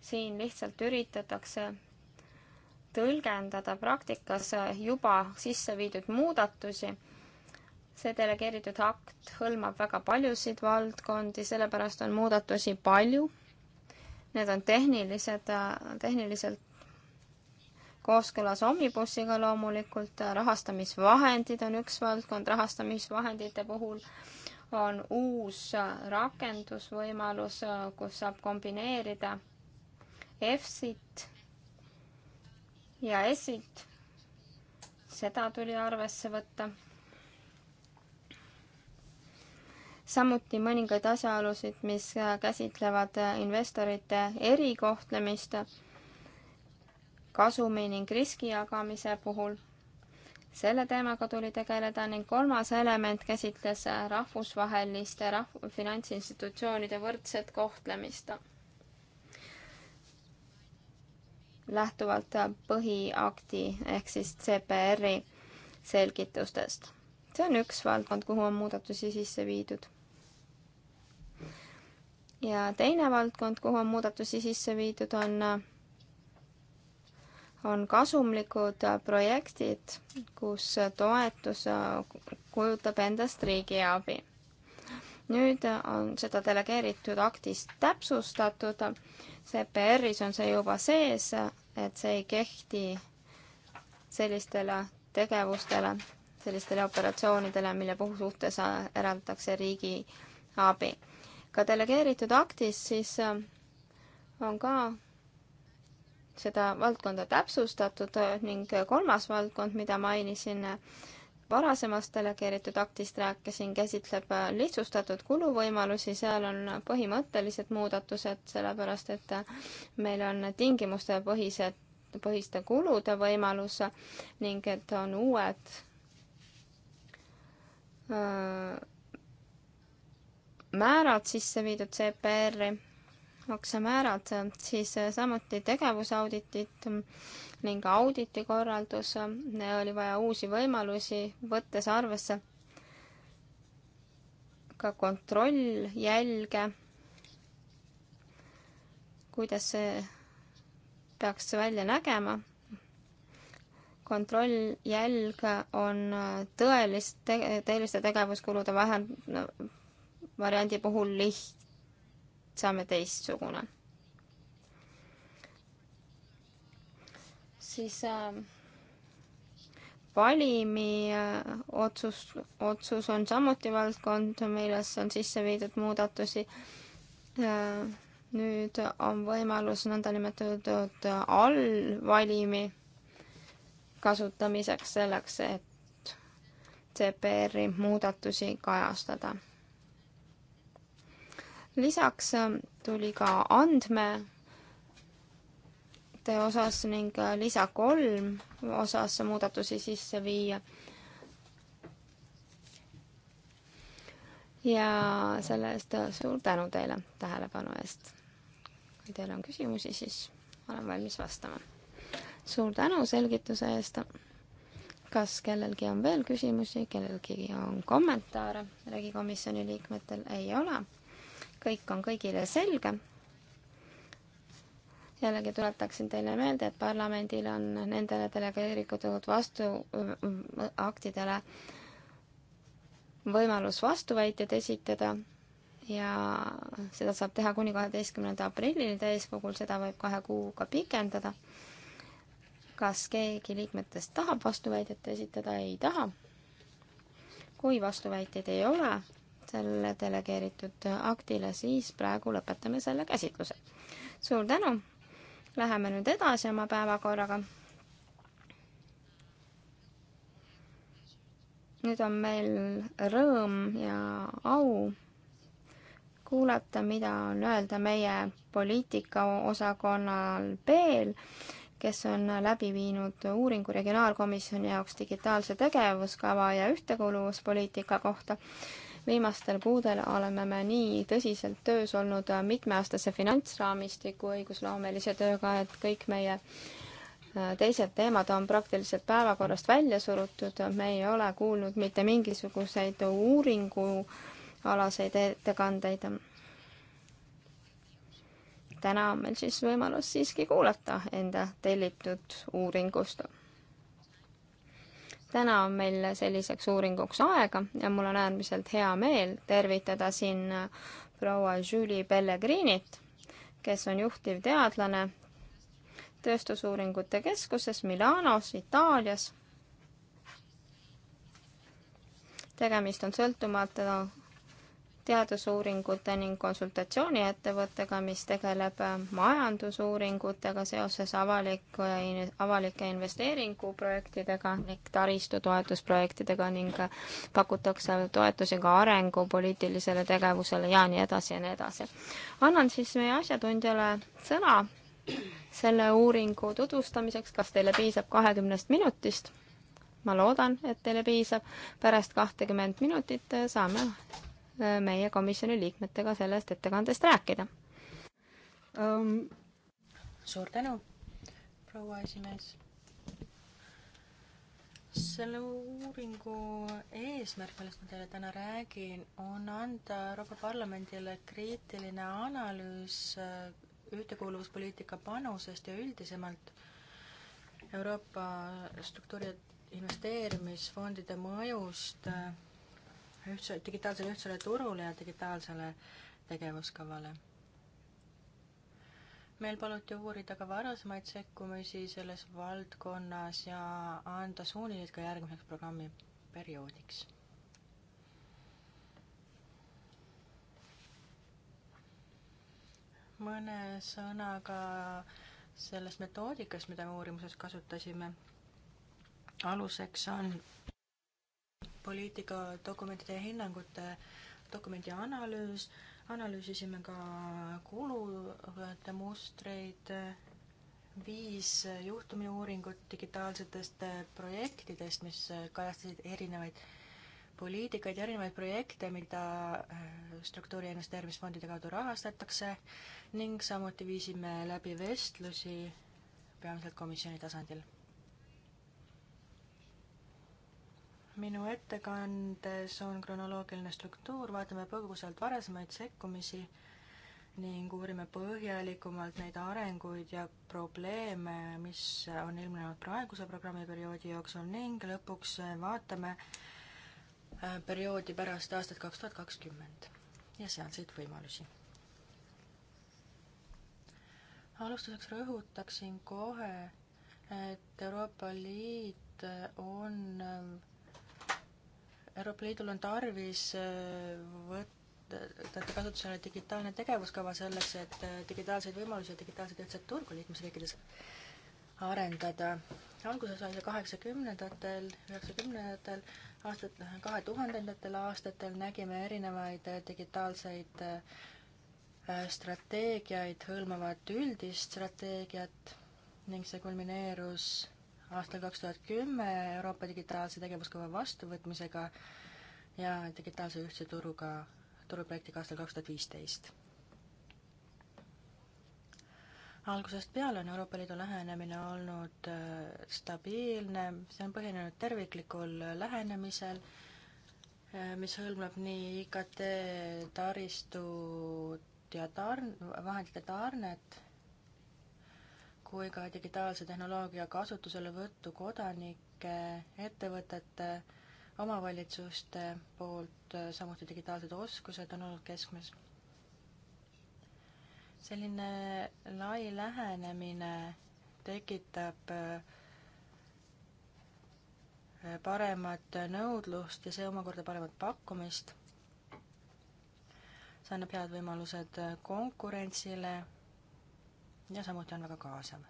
siin lihtsalt üritatakse tõlgendada praktikas juba sisse viidud muudatusi see delegeeritud akt hõlmab väga paljusid valdkondi, sellepärast on muudatusi palju. Need on tehnilised, tehniliselt kooskõlas omnibussiga loomulikult, rahastamisvahendid on üks valdkond, rahastamisvahendite puhul on uus rakendusvõimalus, kus saab kombineerida EFSit ja ESit. seda tuli arvesse võtta samuti mõningaid asjaolusid, mis äh, käsitlevad äh, investorite erikohtlemist kasumi ning riski jagamise puhul. selle teemaga tuli tegeleda ning kolmas element käsitles äh, rahvusvaheliste rahv-, finantsinstitutsioonide võrdset kohtlemist. lähtuvalt põhiakti ehk siis CPR-i selgitustest. see on üks valdkond, kuhu on muudatusi sisse viidud ja teine valdkond, kuhu on muudatusi sisse viidud, on, on kasumlikud projektid, kus toetus äh, kujutab endast riigiabi. nüüd on seda delegeeritud aktis täpsustatud, CPR-is on see juba sees, et see ei kehti sellistele tegevustele, sellistele operatsioonidele, mille puhul suhtes äh, eraldatakse riigi abi ka delegeeritud aktis siis äh, on ka seda valdkonda täpsustatud äh, ning kolmas valdkond, mida mainisin, äh, varasemast delegeeritud aktist rääkisin, käsitleb lihtsustatud kuluvõimalusi, seal on põhimõttelised muudatused, sellepärast et meil on tingimustepõhised, põhiste kulude võimalus ning et on uued öö, määrad sisse viidud CPR-i, maksemäärad, siis äh, samuti tegevusauditit ning auditi korraldus, oli vaja uusi võimalusi, võttes arvesse ka kontrolljälge, kuidas see peaks välja nägema. kontrolljälg on äh, tõelist, tõeliste tegevuskulude vähend-, variandi puhul lihtsame teistsugune. siis äh, valimi äh, otsus, otsus on samuti valdkond, millesse on sisse viidud muudatusi äh,. nüüd on võimalus nõndanimetatud äh, allvalimi kasutamiseks selleks, et CPR-i muudatusi kajastada lisaks äh, tuli ka andmete osas ning äh, lisa kolm osas muudatusi sisse viia. ja selle eest äh, suur tänu teile tähelepanu eest. kui teil on küsimusi, siis olen valmis vastama. suur tänu selgituse eest kas kellelgi on veel küsimusi, kellelgi on kommentaare regikomisjoni liikmetel? ei ole kõik on kõigile selge. jällegi tuletaksin teile meelde, et parlamendil on nendele delegeeritud vastuaktidele võimalus vastuväiteid esitada ja seda saab teha kuni kaheteistkümnenda aprillini täiskogul, seda võib kahe kuuga pikendada. kas keegi liikmetest tahab vastuväidet esitada? ei taha. kui vastuväiteid ei ole, selle delegeeritud aktile, siis praegu lõpetame selle käsitluse. suur tänu, läheme nüüd edasi oma päevakorraga. nüüd on meil rõõm ja au kuulata, mida on öelda meie poliitikaosakonnal B-l kes on läbi viinud uuringu Regionaalkomisjoni jaoks digitaalse tegevuskava ja ühtekuuluvuspoliitika kohta viimastel kuudel oleme me nii tõsiselt töös olnud äh, mitmeaastase finantsraamistiku õigusloomelise tööga, et kõik meie äh, teised teemad on praktiliselt päevakorrast välja surutud, me ei ole kuulnud mitte mingisuguseid uuringualaseid ettekandeid. täna on meil siis võimalus siiski kuulata enda tellitud uuringust täna on meil selliseks uuringuks aega ja mul on äärmiselt hea meel tervitada siin äh, proua Julie Pellegrinit, kes on juhtivteadlane Tööstusuuringute Keskuses Milanos, Itaalias. tegemist on sõltumatu teadusuuringute ning konsultatsiooniettevõttega, mis tegeleb majandusuuringutega seoses avaliku ja avalike investeeringuprojektidega ning taristutoetusprojektidega ning pakutakse toetusi ka arengupoliitilisele tegevusele ja nii edasi ja nii edasi. annan siis meie asjatundjale sõna selle uuringu tutvustamiseks, kas teile piisab kahekümnest minutist? ma loodan, et teile piisab. pärast kahtekümmet minutit saame Äh, meie komisjoni liikmetega sellest ettekandest rääkida um,. suur tänu, proua esimees. selle uuringu eesmärk, millest ma teile täna räägin, on anda Euroopa Parlamendile kriitiline analüüs äh, ühtekuuluvuspoliitika panusest ja üldisemalt Euroopa struktuuri investeerimisfondide mõjust äh, ühtse, digitaalsele ühtsele turule ja digitaalsele tegevuskavale. meil paluti uurida ka varasemaid sekkumisi selles valdkonnas ja anda suunised ka järgmiseks programmiperioodiks. mõne sõnaga sellest metoodikast, mida me uurimuses kasutasime. aluseks on poliitikadokumentide ja hinnangute dokumendi analüüs, analüüsisime ka kulude mustreid, viis juhtumiuuringut digitaalsetest projektidest, mis kajastasid erinevaid poliitikaid ja erinevaid projekte, mida äh, struktuuri- ja investeerimisfondide kaudu rahastatakse ning samuti viisime läbi vestlusi peamiselt komisjoni tasandil minu ettekandes on kronoloogiline struktuur, vaatame põgusalt varasemaid sekkumisi ning uurime põhjalikumalt neid arenguid ja probleeme, mis on ilmnenud praeguse programmiperioodi jooksul ning lõpuks vaatame äh, perioodi pärast aastat kaks tuhat kakskümmend ja sealseid võimalusi alustuseks rõhutaksin kohe, et Euroopa Liit on Euroopa Liidul on tarvis äh, võtta kasutusele digitaalne tegevuskava selleks, et äh, digitaalseid võimalusi ja digitaalset ühtset turgu liikmesriikides arendada. alguse sai see kaheksakümnendatel, üheksakümnendatel, aastat, kahe tuhandendatel aastatel nägime erinevaid äh, digitaalseid strateegiaid, hõlmavat üldist strateegiat ning see kulmineerus aastal kaks tuhat kümme Euroopa digitaalse tegevuskava vastuvõtmisega ja digitaalse ühtse turuga, turuprojektiga aastal kaks tuhat viisteist. algusest peale on Euroopa Liidu lähenemine olnud äh, stabiilne, see on põhinenud terviklikul lähenemisel, äh, mis hõlmab nii IKT taristut ja tarn-, vahendite tarnet kui ka digitaalse tehnoloogia kasutuselevõttu kodanike, ettevõtete, omavalitsuste poolt, äh, samuti digitaalsed oskused on olnud keskmes. selline lai lähenemine tekitab äh, äh, paremat nõudlust ja see omakorda paremat pakkumist. see annab head võimalused konkurentsile ja samuti on väga kaasav.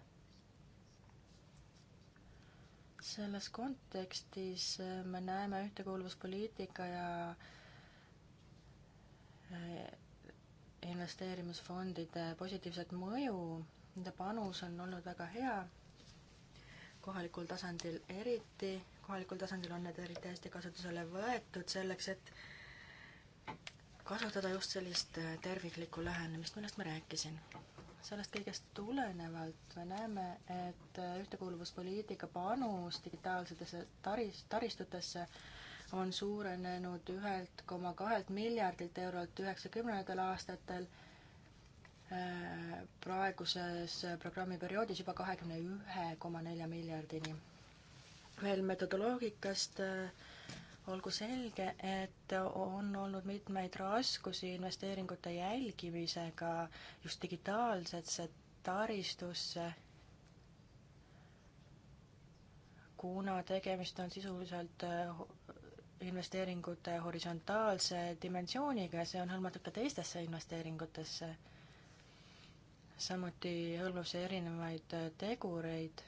selles kontekstis äh, me näeme ühtekuuluvuspoliitika ja äh, investeerimisfondide positiivset mõju, nende panus on olnud väga hea, kohalikul tasandil eriti, kohalikul tasandil on need eriti hästi kasutusele võetud selleks, et kasutada just sellist äh, terviklikku lähenemist, millest ma rääkisin sellest kõigest tulenevalt me näeme, et ühtekuuluvuspoliitika panus digitaalsetesse taris, taristutesse on suurenenud ühelt koma kahelt miljardilt eurolt üheksakümnendatel aastatel äh, praeguses programmiperioodis juba kahekümne ühe koma nelja miljardini. veel metodoloogikast äh, olgu selge, et on olnud mitmeid raskusi investeeringute jälgimisega just digitaalsesse taristusse, kuna tegemist on sisuliselt eh, investeeringute horisontaalse dimensiooniga ja see on hõlmatud ka teistesse investeeringutesse. samuti hõlmab see erinevaid tegureid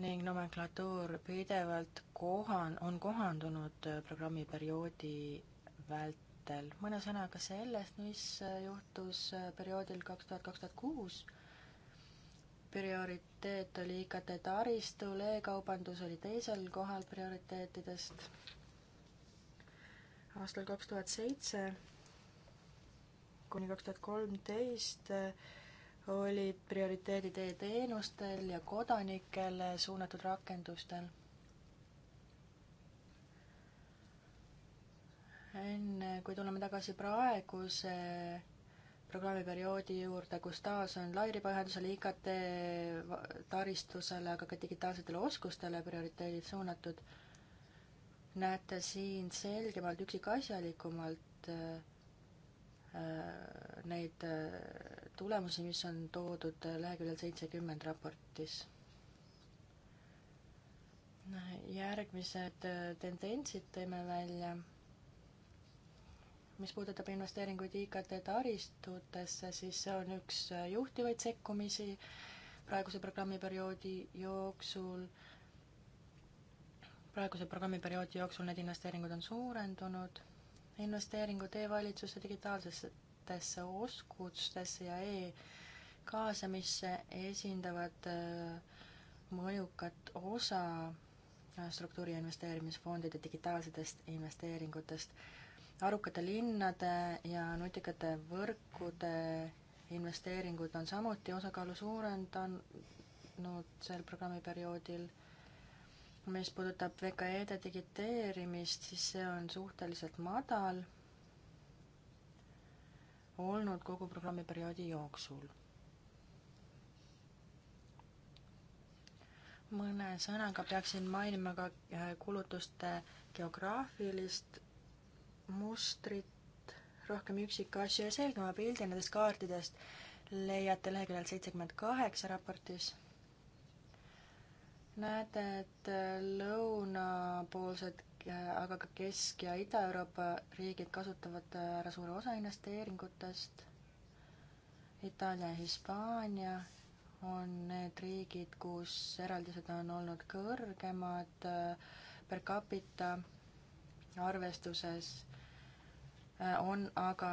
ning nomenklatuur pidevalt kohan-, on kohandunud äh, programmiperioodi vältel. mõne sõnaga sellest, mis äh, juhtus äh, perioodil kaks tuhat, kaks tuhat kuus, prioriteet oli IKT taristul e, e-kaubandus oli teisel kohal prioriteetidest. aastal kaks tuhat seitse kuni kaks tuhat kolmteist oli prioriteedid e-teenustel ja kodanikele suunatud rakendustel. enne kui tuleme tagasi praeguse programmiperioodi juurde, kus taas on lairibaühendusele, IKT taristusele, aga ka digitaalsetele oskustele prioriteedid suunatud, näete siin selgemalt, üksikasjalikumalt äh, Äh, neid äh, tulemusi, mis on toodud äh, leheküljel seitsekümmend raportis. järgmised tendentsid tõime välja, mis puudutab investeeringuid IKT taristutesse, siis see on üks juhtivaid sekkumisi praeguse programmiperioodi jooksul. praeguse programmiperioodi jooksul need investeeringud on suurendunud investeeringud e-valitsuse digitaalsetesse oskustesse ja e-kaasamisse esindavad äh, mõjukat osa äh, struktuuri- ja investeerimisfondide digitaalsetest investeeringutest. arukate linnade ja nutikate võrkude investeeringud on samuti osakaalu suurendanud sel programmiperioodil mis puudutab VKE-de digiteerimist, siis see on suhteliselt madal olnud kogu programmi perioodi jooksul. mõne sõnaga peaksin mainima ka äh, kulutuste geograafilist mustrit, rohkem üksikasju ja selgema pildi nendest kaartidest leiate leheküljelt seitsekümmend kaheksa raportis näete, et äh, lõunapoolsed, äh, aga ka Kesk- ja Ida-Euroopa riigid kasutavad äh, ära suure osa investeeringutest. Itaalia ja Hispaania on need riigid, kus eraldised on olnud kõrgemad per capita arvestuses, on aga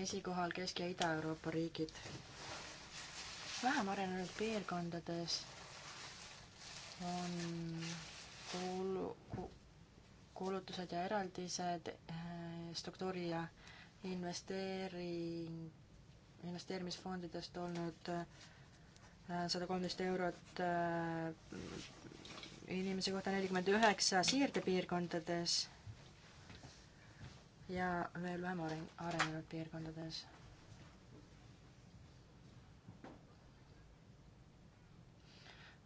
esikohal Kesk- ja Ida-Euroopa riigid. vähem arenenud piirkondades on kuulu-, kulutused ja eraldised äh, struktuuri ja investeering, investeerimisfondidest olnud äh, sada kolmteist eurot äh, inimese kohta nelikümmend üheksa siirdepiirkondades ja veel vähem areng, arenenud piirkondades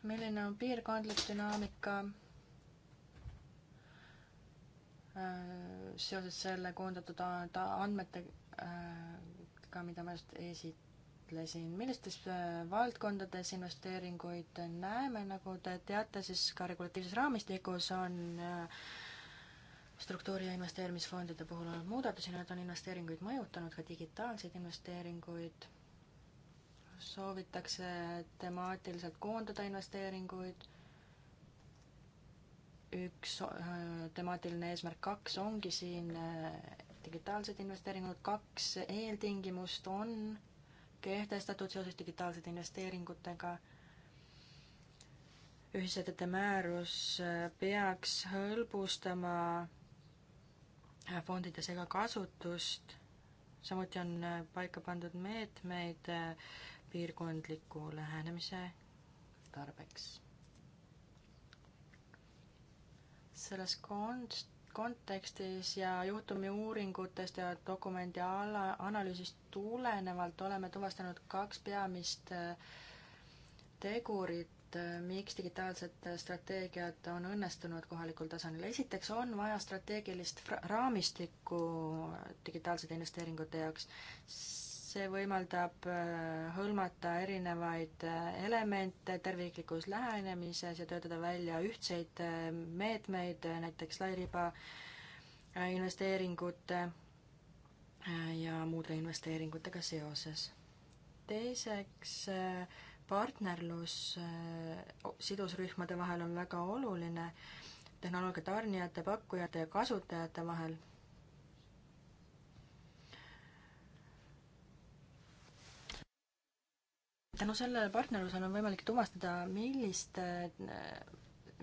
milline on piirkondlik dünaamika äh, seoses selle koondatud andmetega, mida ma just esitlesin. millistes äh, valdkondades investeeringuid näeme, nagu te teate, siis ka regulatiivses raamistikus on äh, struktuuri- ja investeerimisfondide puhul olnud muudatusi, nad on investeeringuid mõjutanud, ka digitaalseid investeeringuid soovitakse temaatiliselt koondada investeeringuid. üks äh, temaatiline eesmärk kaks ongi siin äh, digitaalsed investeeringud, kaks eeltingimust on kehtestatud seoses digitaalsete investeeringutega ühisettevõtte määrus äh, peaks hõlbustama fondide segakasutust, samuti on paika pandud meetmeid piirkondliku lähenemise tarbeks. selles kont-, kontekstis ja juhtumi uuringutest ja dokumendi ala, analüüsist tulenevalt oleme tuvastanud kaks peamist äh, tegurit, äh, miks digitaalsed strateegiad on õnnestunud kohalikul tasandil. esiteks on vaja strateegilist raamistikku digitaalsete investeeringute jaoks see võimaldab äh, hõlmata erinevaid äh, elemente terviklikus lähenemises ja töötada välja ühtseid äh, meetmeid, näiteks lairiba investeeringute ja muude investeeringutega seoses. teiseks, partnerlus sidusrühmade vahel on väga oluline tehnoloogia tarnijate, pakkujate ja kasutajate vahel tänu sellele partnerlusele on võimalik tuvastada, millist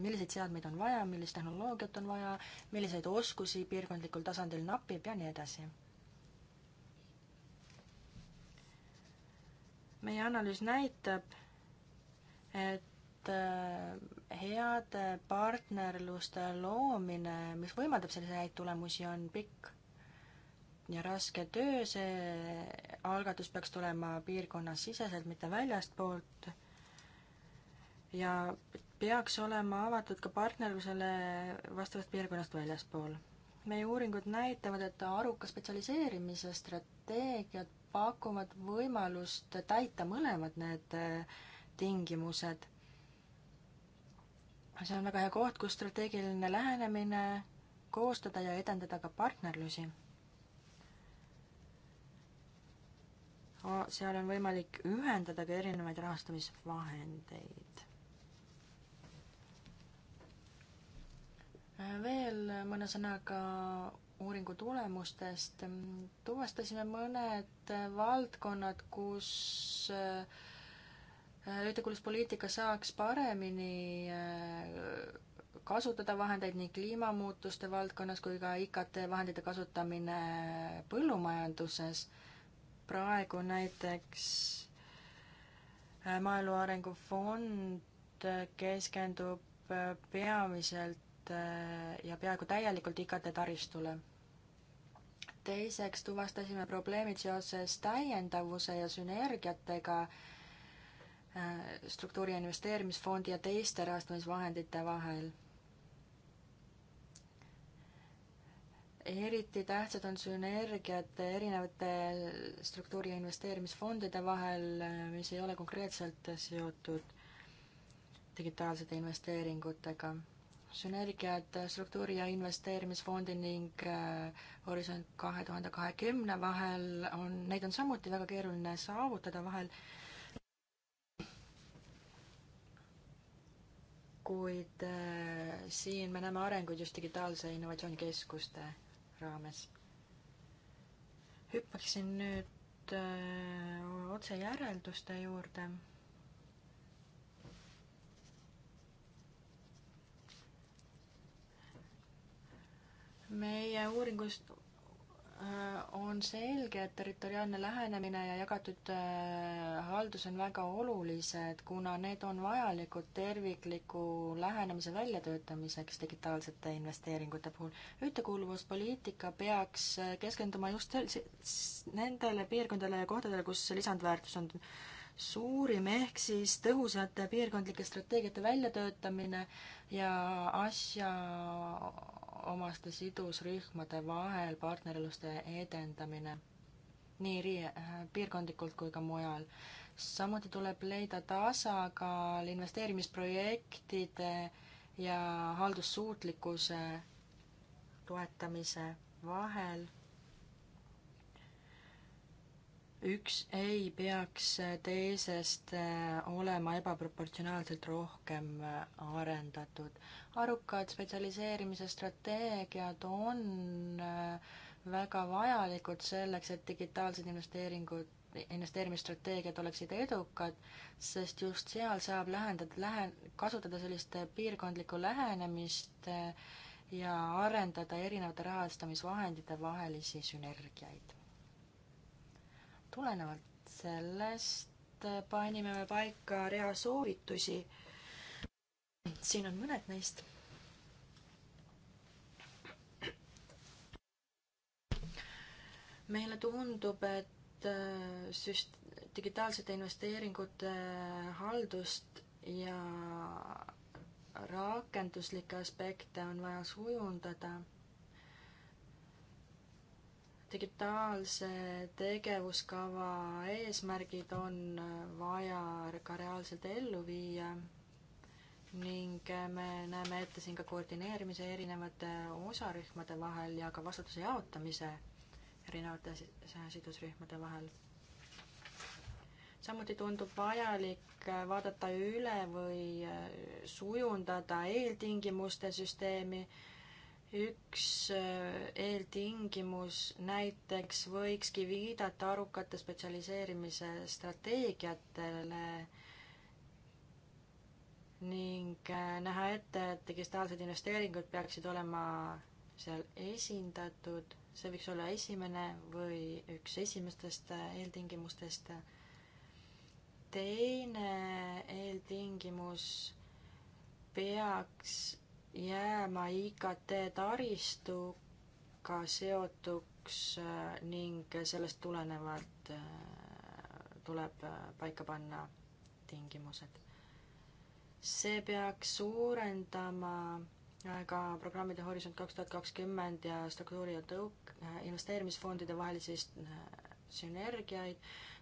milliseid seadmeid on vaja, millist tehnoloogiat on vaja, milliseid oskusi piirkondlikul tasandil napib ja nii edasi. meie analüüs näitab, et äh, heade partnerluste loomine, mis võimaldab selliseid häid tulemusi, on pikk ja raske töö, see algatus peaks tulema piirkonnasiseselt, mitte väljastpoolt. ja peaks olema avatud ka partnerlusele vastavast piirkonnast väljaspool. meie uuringud näitavad, et aruka spetsialiseerimise strateegiad pakuvad võimalust täita mõlemad need äh, tingimused. see on väga hea koht, kus strateegiline lähenemine koostada ja edendada ka partnerlusi seal on võimalik ühendada ka erinevaid rahastamisvahendeid. Äh, veel mõne sõnaga uuringu tulemustest tuvastasime mõned valdkonnad, kus äh, ühtekuuluvuspoliitika saaks paremini äh, kasutada vahendeid nii kliimamuutuste valdkonnas kui ka IKT vahendite kasutamine põllumajanduses praegu näiteks äh, Maaelu Arengu Fond äh, keskendub äh, peamiselt ja peaaegu täielikult IKT taristule. teiseks tuvastasime probleemid seoses täiendavuse ja sünergiatega struktuuri investeerimisfondi ja teiste rahastamisvahendite vahel eriti tähtsad on sünergiad erinevate struktuuri- ja investeerimisfondide vahel, mis ei ole konkreetselt seotud digitaalsete investeeringutega. sünergiad struktuuri- ja investeerimisfondi ning äh, Horisont kahe tuhande kahekümne vahel on, neid on samuti väga keeruline saavutada vahel, kuid äh, siin me näeme arenguid just digitaalse innovatsioonikeskuste raames. hüppaksin nüüd öö, äh, otse järelduste juurde. meie uuringust Äh, on selge, et territoriaalne lähenemine ja jagatud äh, haldus on väga olulised, kuna need on vajalikud tervikliku lähenemise väljatöötamiseks digitaalsete investeeringute puhul. ühtekuuluvuspoliitika peaks äh, keskenduma just nendele piirkondadele ja kohtadele, kus lisandväärtus on suurim, ehk siis tõhusate piirkondlike strateegiate väljatöötamine ja asja omaste sidusrühmade vahel partnerluste edendamine nii ri-, äh, piirkondlikult kui ka mujal. samuti tuleb leida tasakaal investeerimisprojektide ja haldussuutlikkuse toetamise vahel. üks ei peaks teisest äh, olema ebaproportsionaalselt rohkem äh, arendatud arukad spetsialiseerimise strateegiad on äh, väga vajalikud selleks, et digitaalsed investeeringud, investeerimisstrateegiad oleksid edukad, sest just seal saab lähendada, lähe-, kasutada sellist piirkondlikku lähenemist äh, ja arendada erinevate rahastamisvahendite vahelisi sünergiaid. tulenevalt sellest äh, panime me paika rea soovitusi siin on mõned neist. meile tundub, et äh, süst-, digitaalsete investeeringute äh, haldust ja rakenduslikke aspekte on vaja sujundada. digitaalse tegevuskava eesmärgid on äh, vaja ka reaalselt ellu viia ning äh, me näeme ette siin ka koordineerimise erinevate osarühmade vahel ja ka vastutuse jaotamise erinevate sidusrühmade vahel. samuti tundub vajalik äh, vaadata üle või äh, sujundada eeltingimuste süsteemi. üks eeltingimus näiteks võikski viidata arukate spetsialiseerimise strateegiatele ning äh, näha ette, et digitaalsed investeeringud peaksid olema seal esindatud, see võiks olla esimene või üks esimestest äh, eeltingimustest. teine eeltingimus peaks jääma IKT taristuga seotuks äh, ning sellest tulenevalt tuleb paika panna tingimused see peaks suurendama äh, ka programmide Horisont kaks tuhat kakskümmend ja struktuuri ja tõuk-, äh, investeerimisfondide vahelisi äh, sünergiaid.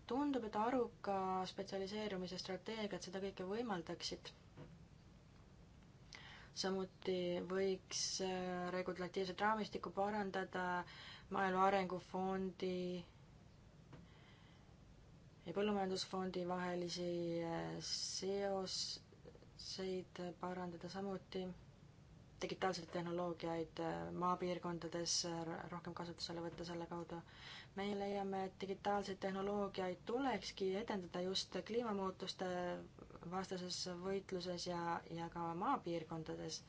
tundub, et aruka spetsialiseerumise strateegiad seda kõike võimaldaksid. samuti võiks regulatiivset raamistikku parandada, Maaelu Arengufondi ja Põllumajandusfondi vahelisi seos, seid parandada, samuti digitaalseid tehnoloogiaid äh, maapiirkondades äh, rohkem kasutusele võtta selle kaudu. meie leiame, et digitaalseid tehnoloogiaid tulekski edendada just kliimamuutuste vastases võitluses ja, ja ka maapiirkondades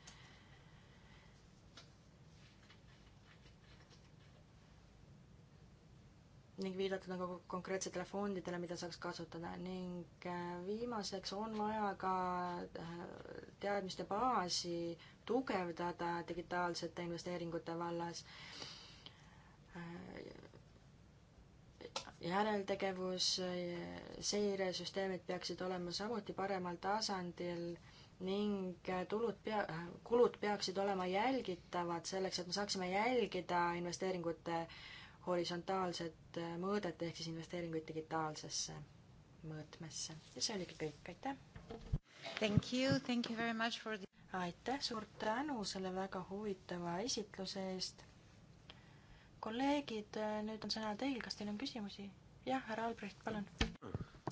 ning viidatud on ka nagu konkreetsetele fondidele, mida saaks kasutada ning äh, viimaseks on vaja ka äh, teadmiste baasi tugevdada digitaalsete investeeringute vallas. Äh, järeltegevus, seiresüsteemid peaksid olema samuti paremal tasandil ning tulud pea, kulud peaksid olema jälgitavad selleks, et me saaksime jälgida investeeringute äh, horisontaalset äh, mõõdet, ehk siis investeeringuid digitaalsesse mõõtmesse. ja see oligi kõik, aitäh! Thank you, thank you very much for the aitäh, suur tänu selle väga huvitava esitluse eest! kolleegid, äh, nüüd on sõna teil, kas teil on küsimusi? jah, härra Albrecht, palun!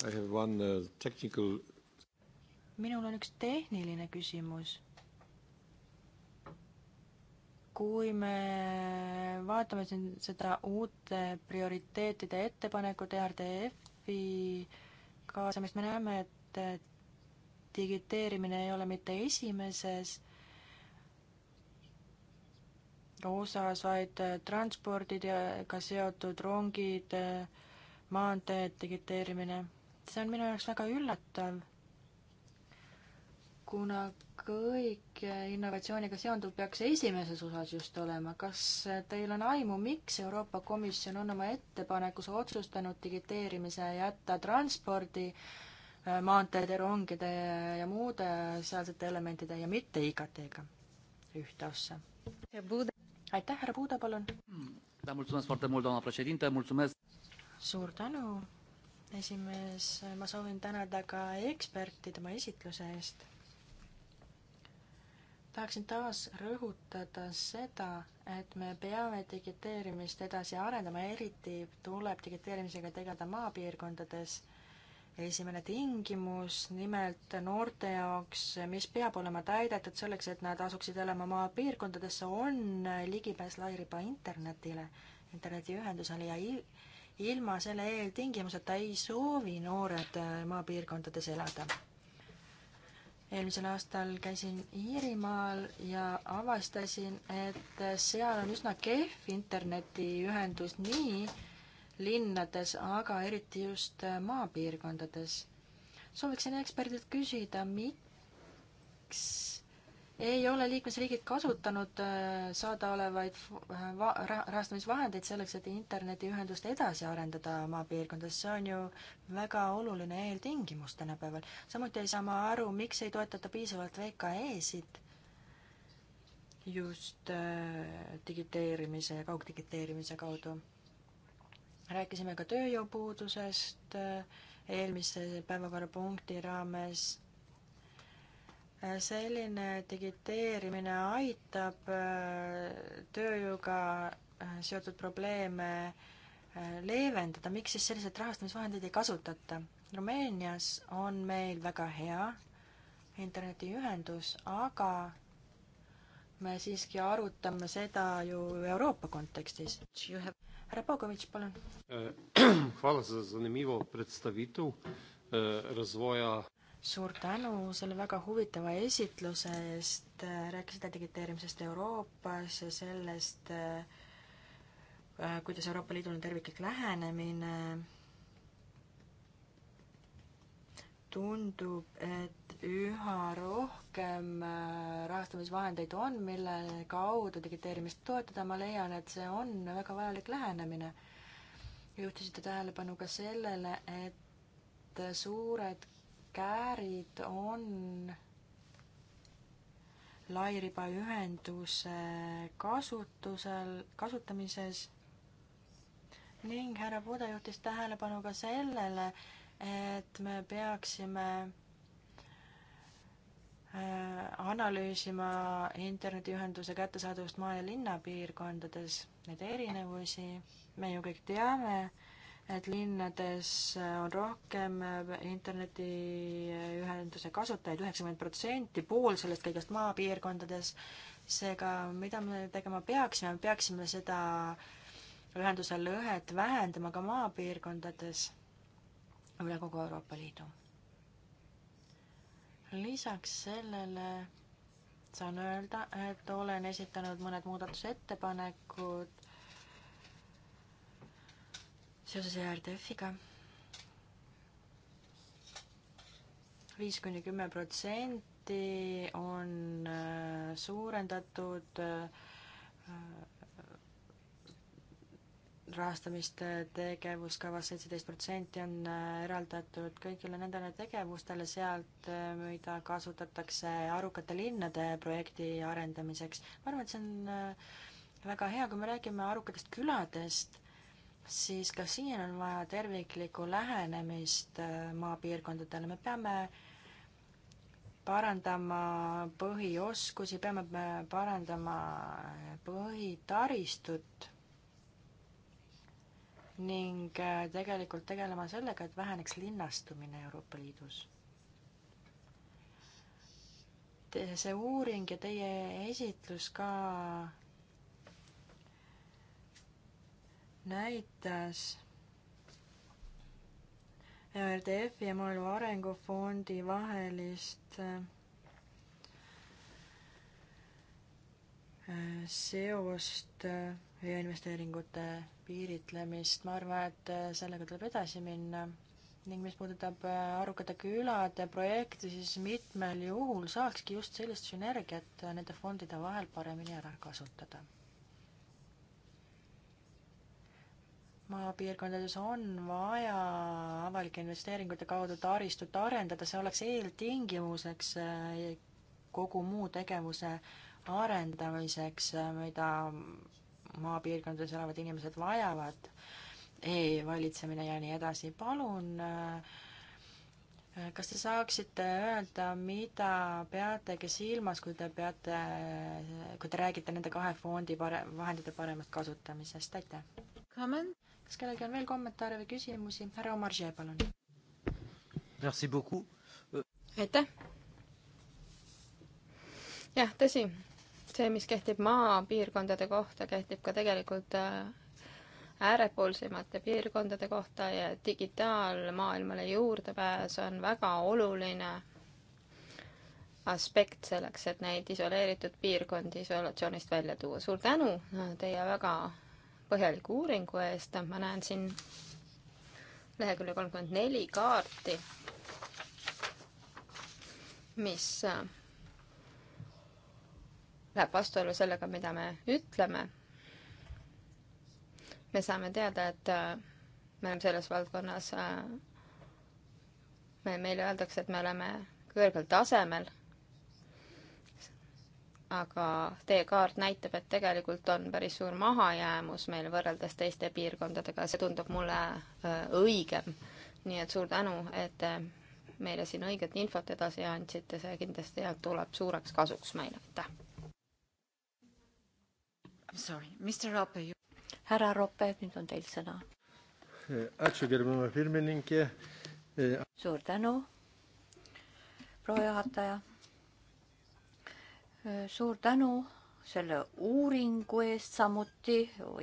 I have one uh, technical minul on üks tehniline küsimus kui me vaatame siin seda uute prioriteetide ettepanekut e RDF-i kaasamist, me näeme, et digiteerimine ei ole mitte esimeses osas, vaid transpordidega seotud rongid, maanteed, digiteerimine. see on minu jaoks väga üllatav kuna kõik innovatsiooniga seonduv peaks esimeses osas just olema, kas teil on aimu, miks Euroopa Komisjon on oma ettepanekus otsustanud digiteerimise jätta transpordi, äh, maanteede, rongide ja muude sealsete elementide ja mitte IKT-ga ühte ossa? aitäh, härra Puuda, palun! suur tänu, esimees, ma soovin tänada ka ekspertide oma esitluse eest tahaksin taas rõhutada seda, et me peame digiteerimist edasi arendama, eriti tuleb digiteerimisega tegeleda maapiirkondades. esimene tingimus nimelt noorte jaoks, mis peab olema täidetud selleks, et nad asuksid elama maapiirkondadesse, on ligipääs lairiba internetile, internetiühendusele ja ilma selle eeltingimuseta ei soovi noored maapiirkondades elada eelmisel aastal käisin Iirimaal ja avastasin, et seal on üsna kehv internetiühendus nii linnades, aga eriti just maapiirkondades. sooviksin eksperdilt küsida, miks ei ole liikmesriigid kasutanud äh, saadaolevaid äh, rahastamisvahendeid selleks, et internetiühendust edasi arendada maapiirkondades, see on ju väga oluline eeltingimus tänapäeval. samuti ei saa ma aru, miks ei toetata piisavalt VKE-sid just äh, digiteerimise ja kaugdigiteerimise kaudu. rääkisime ka tööjõupuudusest eelmise päevakorrapunkti raames selline digiteerimine aitab äh, tööjõuga äh, seotud probleeme äh, leevendada, miks siis selliseid rahastamisvahendeid ei kasutata? Rumeenias on meil väga hea internetiühendus, aga me siiski arutame seda ju Euroopa kontekstis. härra Pogovitš, palun. suur tänu selle väga huvitava esitluse eest, rääkisite digiteerimisest Euroopas ja sellest, äh, kuidas Euroopa Liidul on terviklik lähenemine. tundub, et üha rohkem äh, rahastamisvahendeid on, mille kaudu digiteerimist toetada, ma leian, et see on väga vajalik lähenemine. juhtisite tähelepanu ka sellele, et suured käärid on lairibaühenduse kasutusel, kasutamises ning härra Puda juhtis tähelepanu ka sellele, et me peaksime äh, analüüsima internetiühenduse kättesaadavust maa- ja linnapiirkondades, neid erinevusi, me ju kõik teame, et linnades on rohkem internetiühenduse kasutajaid, üheksakümmend protsenti, pool sellest kõigest maapiirkondades. seega, mida me tegema peaksime, peaksime seda ühenduse lõhet vähendama ka maapiirkondades üle kogu Euroopa Liidu. lisaks sellele saan öelda, et olen esitanud mõned muudatusettepanekud seoses ERDF-iga viis kuni kümme protsenti on äh, suurendatud äh, rahastamist tegevuskavas seitseteist protsenti on äh, eraldatud kõigile nendele tegevustele sealt, mida kasutatakse arukate linnade projekti arendamiseks. ma arvan, et see on väga hea, kui me räägime arukatest küladest siis ka siin on vaja terviklikku lähenemist äh, maapiirkondadele, me peame parandama põhioskusi, peame parandama põhitaristut ning äh, tegelikult tegelema sellega, et väheneks linnastumine Euroopa Liidus. see uuring ja teie esitlus ka näitas ERDF-i ja Maaelu Arengufondi vahelist äh, seost äh, ja investeeringute piiritlemist, ma arvan, et äh, sellega tuleb edasi minna ning mis puudutab Arukate külade projekti, siis mitmel juhul saakski just sellist sünergiat nende fondide vahel paremini ära kasutada maapiirkondades on vaja avalike investeeringute kaudu taristut arendada, see oleks eeltingimuseks eh, kogu muu tegevuse arendamiseks, eh, mida maapiirkondades elavad inimesed vajavad e, e-valitsemine ja nii edasi, palun eh, kas te saaksite öelda, mida peategi silmas, kui te peate, kui te räägite nende kahe fondi pare-, vahendite paremast kasutamisest, aitäh! comment? kas kellelgi on veel kommentaare või küsimusi? härra Omarjee, palun. aitäh. jah, tõsi, see, mis kehtib maapiirkondade kohta, kehtib ka tegelikult äh, äärepoolsemate piirkondade kohta ja digitaalmaailmale juurdepääs on väga oluline aspekt selleks, et neid isoleeritud piirkondi isolatsioonist välja tuua. suur tänu äh, teie väga põhjaliku uuringu eest, ma näen siin lehekülje kolmkümmend neli kaarti, mis äh, läheb vastuollu sellega, mida me ütleme. me saame teada, et äh, me oleme selles valdkonnas, äh, me, meile öeldakse, et me oleme kõrgel tasemel aga teekaart näitab, et tegelikult on päris suur mahajäämus meil võrreldes teiste piirkondadega, see tundub mulle äh, õigem. nii et suur tänu, et te meile siin õiget infot edasi andsite, see kindlasti tuleb suureks kasuks meile, aitäh. härra Roppe, nüüd on teil sõna. suur tänu, proua juhataja Äh, suur tänu selle uuringu eest samuti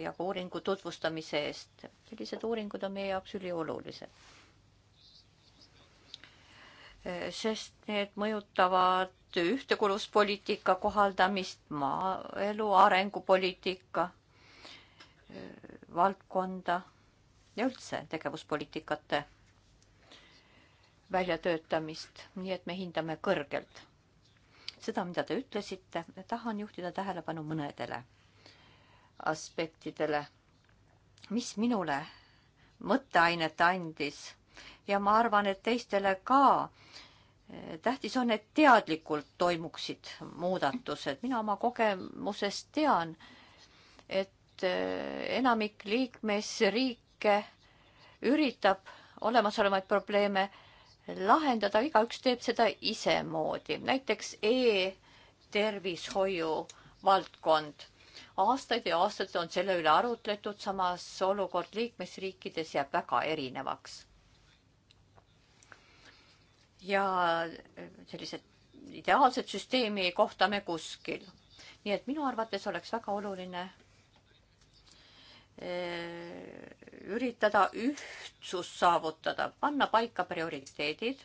ja ka uuringu tutvustamise eest. sellised uuringud on meie jaoks üliolulised. Äh, sest need mõjutavad ühtekuluspoliitika kohaldamist, maaelu arengupoliitika äh, valdkonda ja üldse tegevuspoliitikate väljatöötamist, nii et me hindame kõrgelt seda, mida te ütlesite. tahan juhtida tähelepanu mõnedele aspektidele, mis minule mõtteainet andis ja ma arvan, et teistele ka. tähtis on, et teadlikult toimuksid muudatused. mina oma kogemusest tean, et eh, enamik liikmesriike üritab olemasolevaid probleeme lahendada, igaüks teeb seda isemoodi. näiteks e-tervishoiu valdkond. aastaid ja aastaid on selle üle arutletud, samas olukord liikmesriikides jääb väga erinevaks. ja sellised ideaalset süsteemi ei kohta me kuskil. nii et minu arvates oleks väga oluline Eh, üritada ühtsust saavutada, panna paika prioriteedid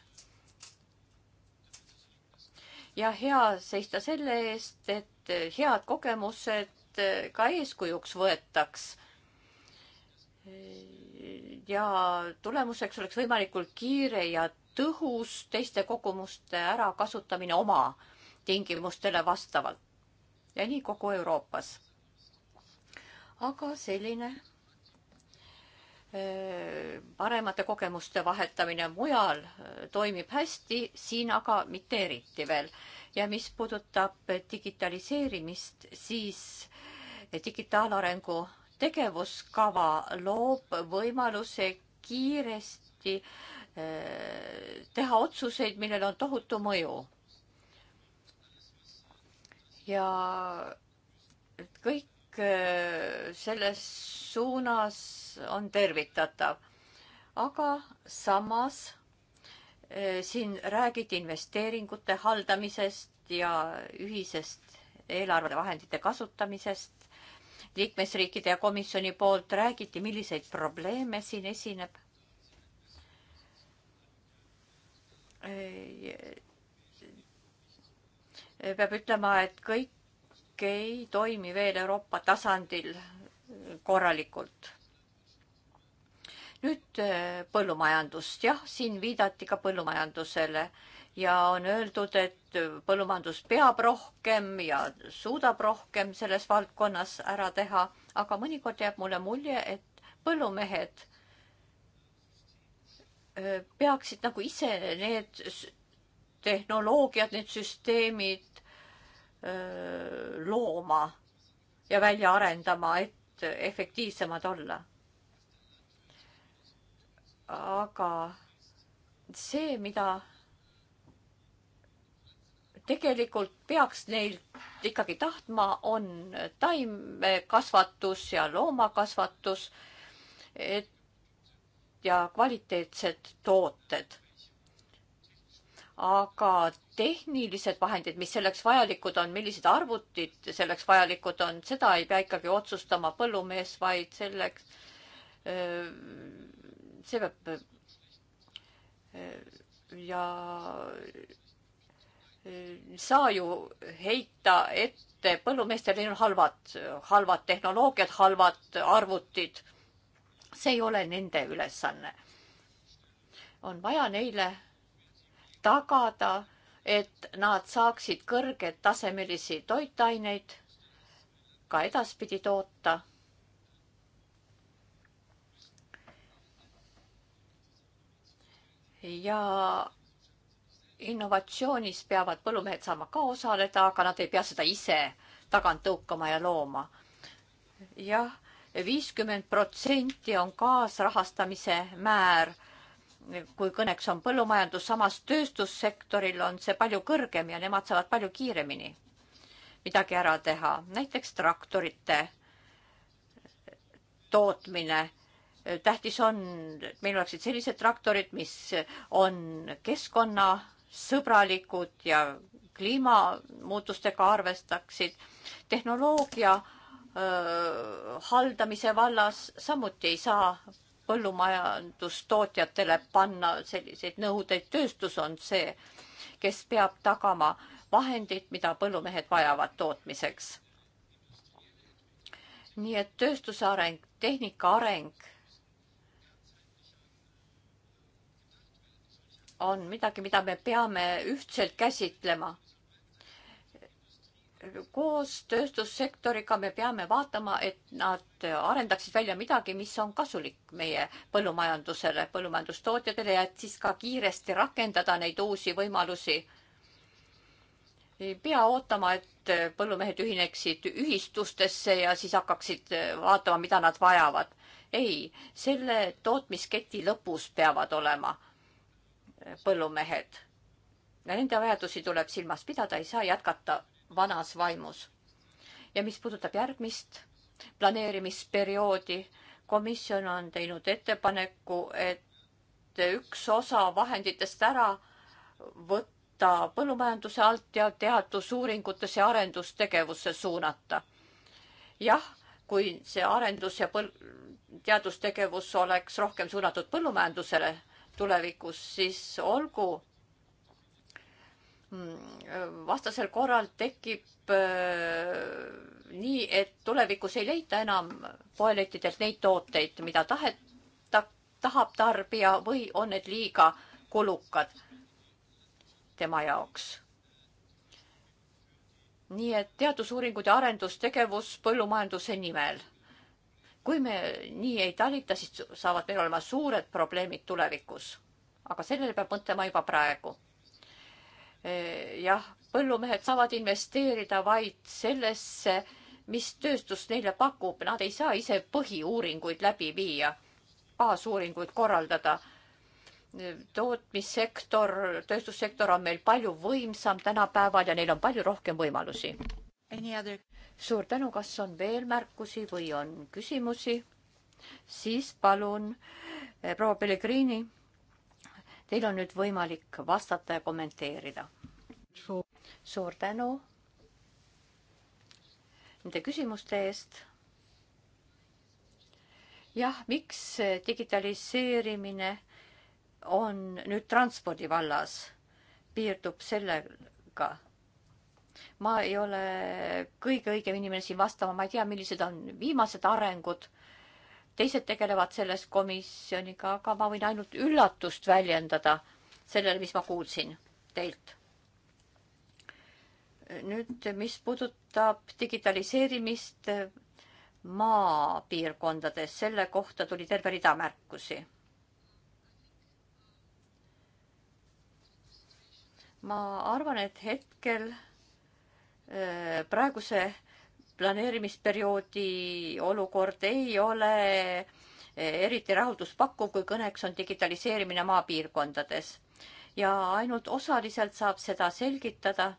ja hea seista selle eest, et head kogemused ka eeskujuks võetaks. ja tulemuseks oleks võimalikult kiire ja tõhus teiste kogumuste ärakasutamine oma tingimustele vastavalt ja nii kogu Euroopas aga selline paremate kogemuste vahetamine mujal toimib hästi, siin aga mitte eriti veel. ja mis puudutab digitaliseerimist, siis digitaalarengu tegevuskava loob võimaluse kiiresti teha otsuseid, millel on tohutu mõju. ja kõik Äh, selles suunas on tervitatav. aga samas äh, siin räägiti investeeringute haldamisest ja ühisest eelarvevahendite kasutamisest liikmesriikide ja komisjoni poolt räägiti, milliseid probleeme siin esineb. Äh, peab ütlema, et kõik ei toimi veel Euroopa tasandil korralikult. nüüd äh, põllumajandust, jah, siin viidati ka põllumajandusele ja on öeldud, et põllumajandus peab rohkem ja suudab rohkem selles valdkonnas ära teha, aga mõnikord jääb mulle mulje, et põllumehed äh, peaksid nagu ise need tehnoloogiad, need süsteemid öö, äh, looma ja välja arendama, et efektiivsemad olla. aga see, mida tegelikult peaks neilt ikkagi tahtma, on taimekasvatus ja loomakasvatus. et ja kvaliteetsed tooted aga tehnilised vahendid, mis selleks vajalikud on, millised arvutid selleks vajalikud on, seda ei pea ikkagi otsustama põllumees, vaid selleks, see peab ja saa ju heita ette põllumeestel, neil on halvad, halvad tehnoloogiad, halvad arvutid. see ei ole nende ülesanne. on vaja neile tagada, et nad saaksid kõrgetasemelisi toitaineid ka edaspidi toota. ja innovatsioonis peavad põllumehed saama ka osaleda, aga nad ei pea seda ise tagant tõukama ja looma ja. jah, viiskümmend protsenti on kaasrahastamise määr kui kõneks on põllumajandus, samas tööstussektoril on see palju kõrgem ja nemad saavad palju kiiremini midagi ära teha, näiteks traktorite tootmine. tähtis on, et meil oleksid sellised traktorid, mis on keskkonnasõbralikud ja kliimamuutustega arvestaksid. tehnoloogia öö, haldamise vallas samuti ei saa põllumajandustootjatele panna selliseid nõudeid. tööstus on see, kes peab tagama vahendid, mida põllumehed vajavad tootmiseks. nii et tööstuse areng, tehnika areng on midagi, mida me peame ühtselt käsitlema koos tööstussektoriga me peame vaatama, et nad arendaksid välja midagi, mis on kasulik meie põllumajandusele, põllumajandustootjatele ja et siis ka kiiresti rakendada neid uusi võimalusi. ei pea ootama, et põllumehed ühineksid ühistustesse ja siis hakkaksid vaatama, mida nad vajavad. ei, selle tootmisketi lõpus peavad olema põllumehed. Nende vajadusi tuleb silmas pidada, ei saa jätkata vanas vaimus. ja mis puudutab järgmist planeerimisperioodi, komisjon on teinud ettepaneku, et üks osa vahenditest ära võtta põllumajanduse alt ja teadusuuringutesse ja arendustegevusse suunata. jah, kui see arendus ja põl-, teadustegevus oleks rohkem suunatud põllumajandusele tulevikus, siis olgu vastasel korral tekib äh, nii, et tulevikus ei leita enam poelettidelt neid tooteid, mida tahet-, ta-, tahab tarbija või on need liiga kulukad tema jaoks. nii et teadusuuringud ja arendustegevus põllumajanduse nimel. kui me nii ei talita, siis saavad meil olema suured probleemid tulevikus. aga sellele peab mõtlema juba praegu Eh, jah, põllumehed saavad investeerida vaid sellesse, mis tööstus neile pakub, nad ei saa ise põhiuuringuid läbi viia, baasuuringuid korraldada. Eh, tootmissektor, tööstussektor on meil palju võimsam tänapäeval ja neil on palju rohkem võimalusi. suur tänu, kas on veel märkusi või on küsimusi? siis palun eh, proua Pellegrini, teil on nüüd võimalik vastata ja kommenteerida suur tänu nende küsimuste eest. jah, miks digitaliseerimine on nüüd transpordi vallas, piirdub sellega? ma ei ole kõige õigem inimene siin vastama, ma ei tea, millised on viimased arengud. teised tegelevad selles komisjoniga, aga ma võin ainult üllatust väljendada sellele, mis ma kuulsin teilt nüüd, mis puudutab digitaliseerimist maapiirkondades, selle kohta tuli terve rida märkusi. ma arvan, et hetkel äh, praeguse planeerimisperioodi olukord ei ole äh, eriti rahulduspakkuv, kui kõneks on digitaliseerimine maapiirkondades ja ainult osaliselt saab seda selgitada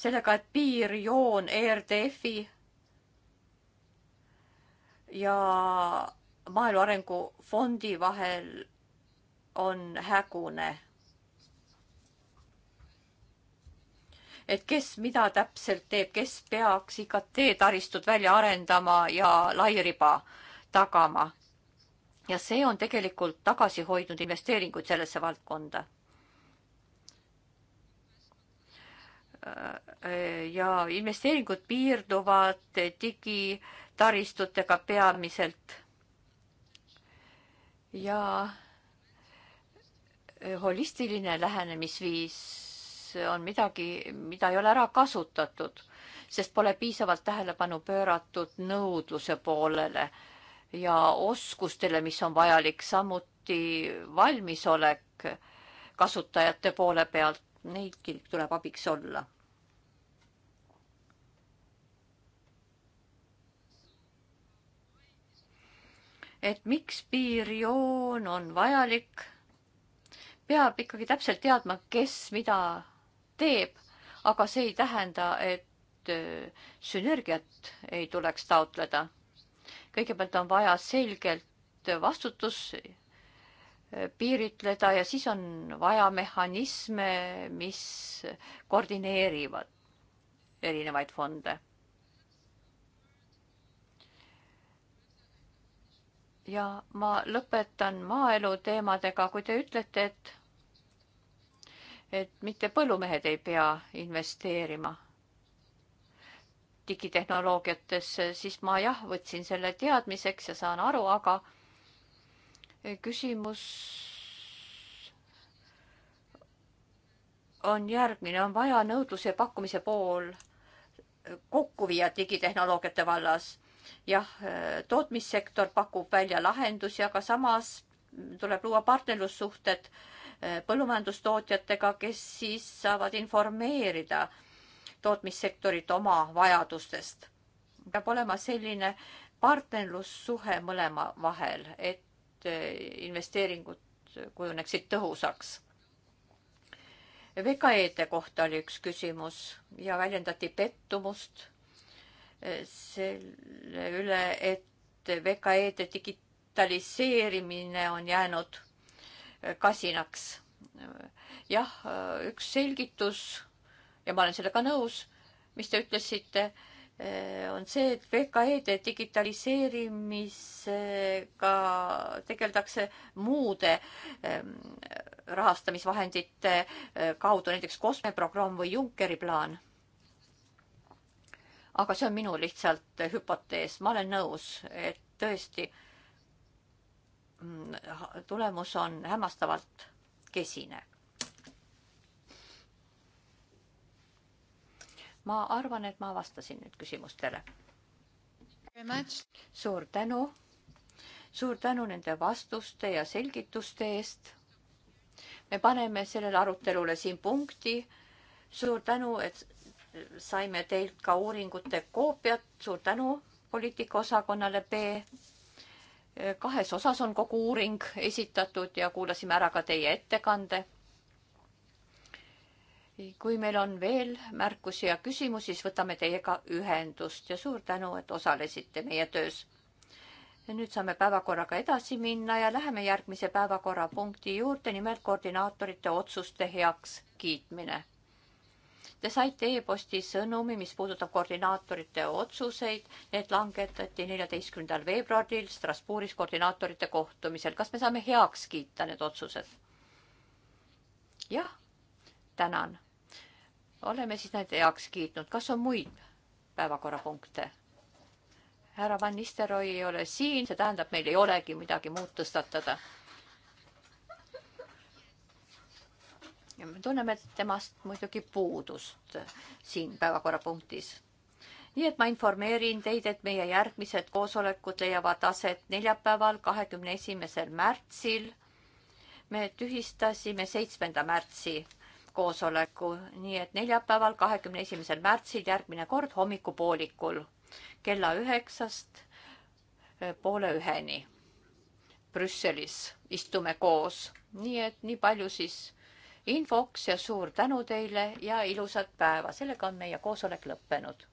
sellega, et piirjoon ERDF-i ja Maaelu Arengufondi vahel on hägune. et kes mida täpselt teeb, kes peaks IKT taristut välja arendama ja lairiba tagama. ja see on tegelikult tagasi hoidnud investeeringuid sellesse valdkonda Äh, ja investeeringud piirduvad digitaristutega peamiselt. ja äh, holistiline lähenemisviis on midagi, mida ei ole ära kasutatud, sest pole piisavalt tähelepanu pööratud nõudluse poolele ja oskustele, mis on vajalik, samuti valmisolek kasutajate poole pealt neidki tuleb abiks olla. et miks piirjoon on vajalik, peab ikkagi täpselt teadma, kes mida teeb, aga see ei tähenda, et äh, sünergiat ei tuleks taotleda. kõigepealt on vaja selgelt vastutus piiritleda ja siis on vaja mehhanisme, mis koordineerivad erinevaid fonde. ja ma lõpetan maaelu teemadega, kui te ütlete, et et mitte põllumehed ei pea investeerima digitehnoloogiatesse, siis ma jah, võtsin selle teadmiseks ja saan aru, aga küsimus on järgmine, on vaja nõudluse ja pakkumise pool kokku viia digitehnoloogiate vallas. jah, tootmissektor pakub välja lahendusi, aga samas tuleb luua partnerlussuhted põllumajandustootjatega, kes siis saavad informeerida tootmissektorit oma vajadustest. peab olema selline partnerlussuhe mõlema vahel, et Eh, investeeringud kujuneksid tõhusaks. VKE-de kohta oli üks küsimus ja väljendati pettumust eh, selle üle, et VKE-de digitaliseerimine on jäänud eh, kasinaks. jah, üks selgitus ja ma olen sellega nõus, mis te ütlesite Äh, on see, et VKE-de digitaliseerimisega tegeldakse muude ähm, rahastamisvahendite äh, kaudu, näiteks kosmeprogramm või Junckeri plaan. aga see on minu lihtsalt äh, hüpotees, ma olen nõus, et tõesti mm, tulemus on hämmastavalt kesine ma arvan, et ma vastasin nüüd küsimustele. suur tänu. suur tänu nende vastuste ja selgituste eest. me paneme sellele arutelule siin punkti. suur tänu, et saime teilt ka uuringute koopiat. suur tänu poliitikaosakonnale B. kahes osas on kogu uuring esitatud ja kuulasime ära ka teie ettekande kui meil on veel märkusi ja küsimusi, siis võtame teiega ühendust ja suur tänu, et osalesite meie töös. nüüd saame päevakorraga edasi minna ja läheme järgmise päevakorrapunkti juurde, nimelt koordinaatorite otsuste heakskiitmine. Te saite e-posti sõnumi, mis puudutab koordinaatorite otsuseid. Need langetati neljateistkümnendal veebruaril Strasbourgis koordinaatorite kohtumisel. kas me saame heaks kiita need otsused? jah tänan. oleme siis need heaks kiitnud, kas on muid päevakorrapunkte? härra Van Nistelrooy ei ole siin, see tähendab, meil ei olegi midagi muud tõstatada. ja me tunneme temast muidugi puudust siin päevakorrapunktis nii et ma informeerin teid, et meie järgmised koosolekud leiavad aset neljapäeval, kahekümne esimesel märtsil. me tühistasime seitsmenda märtsi koosoleku, nii et neljapäeval, kahekümne esimesel märtsil järgmine kord hommikupoolikul kella üheksast eh, poole üheni. Brüsselis istume koos, nii et nii palju siis infoks ja suur tänu teile ja ilusat päeva, sellega on meie koosolek lõppenud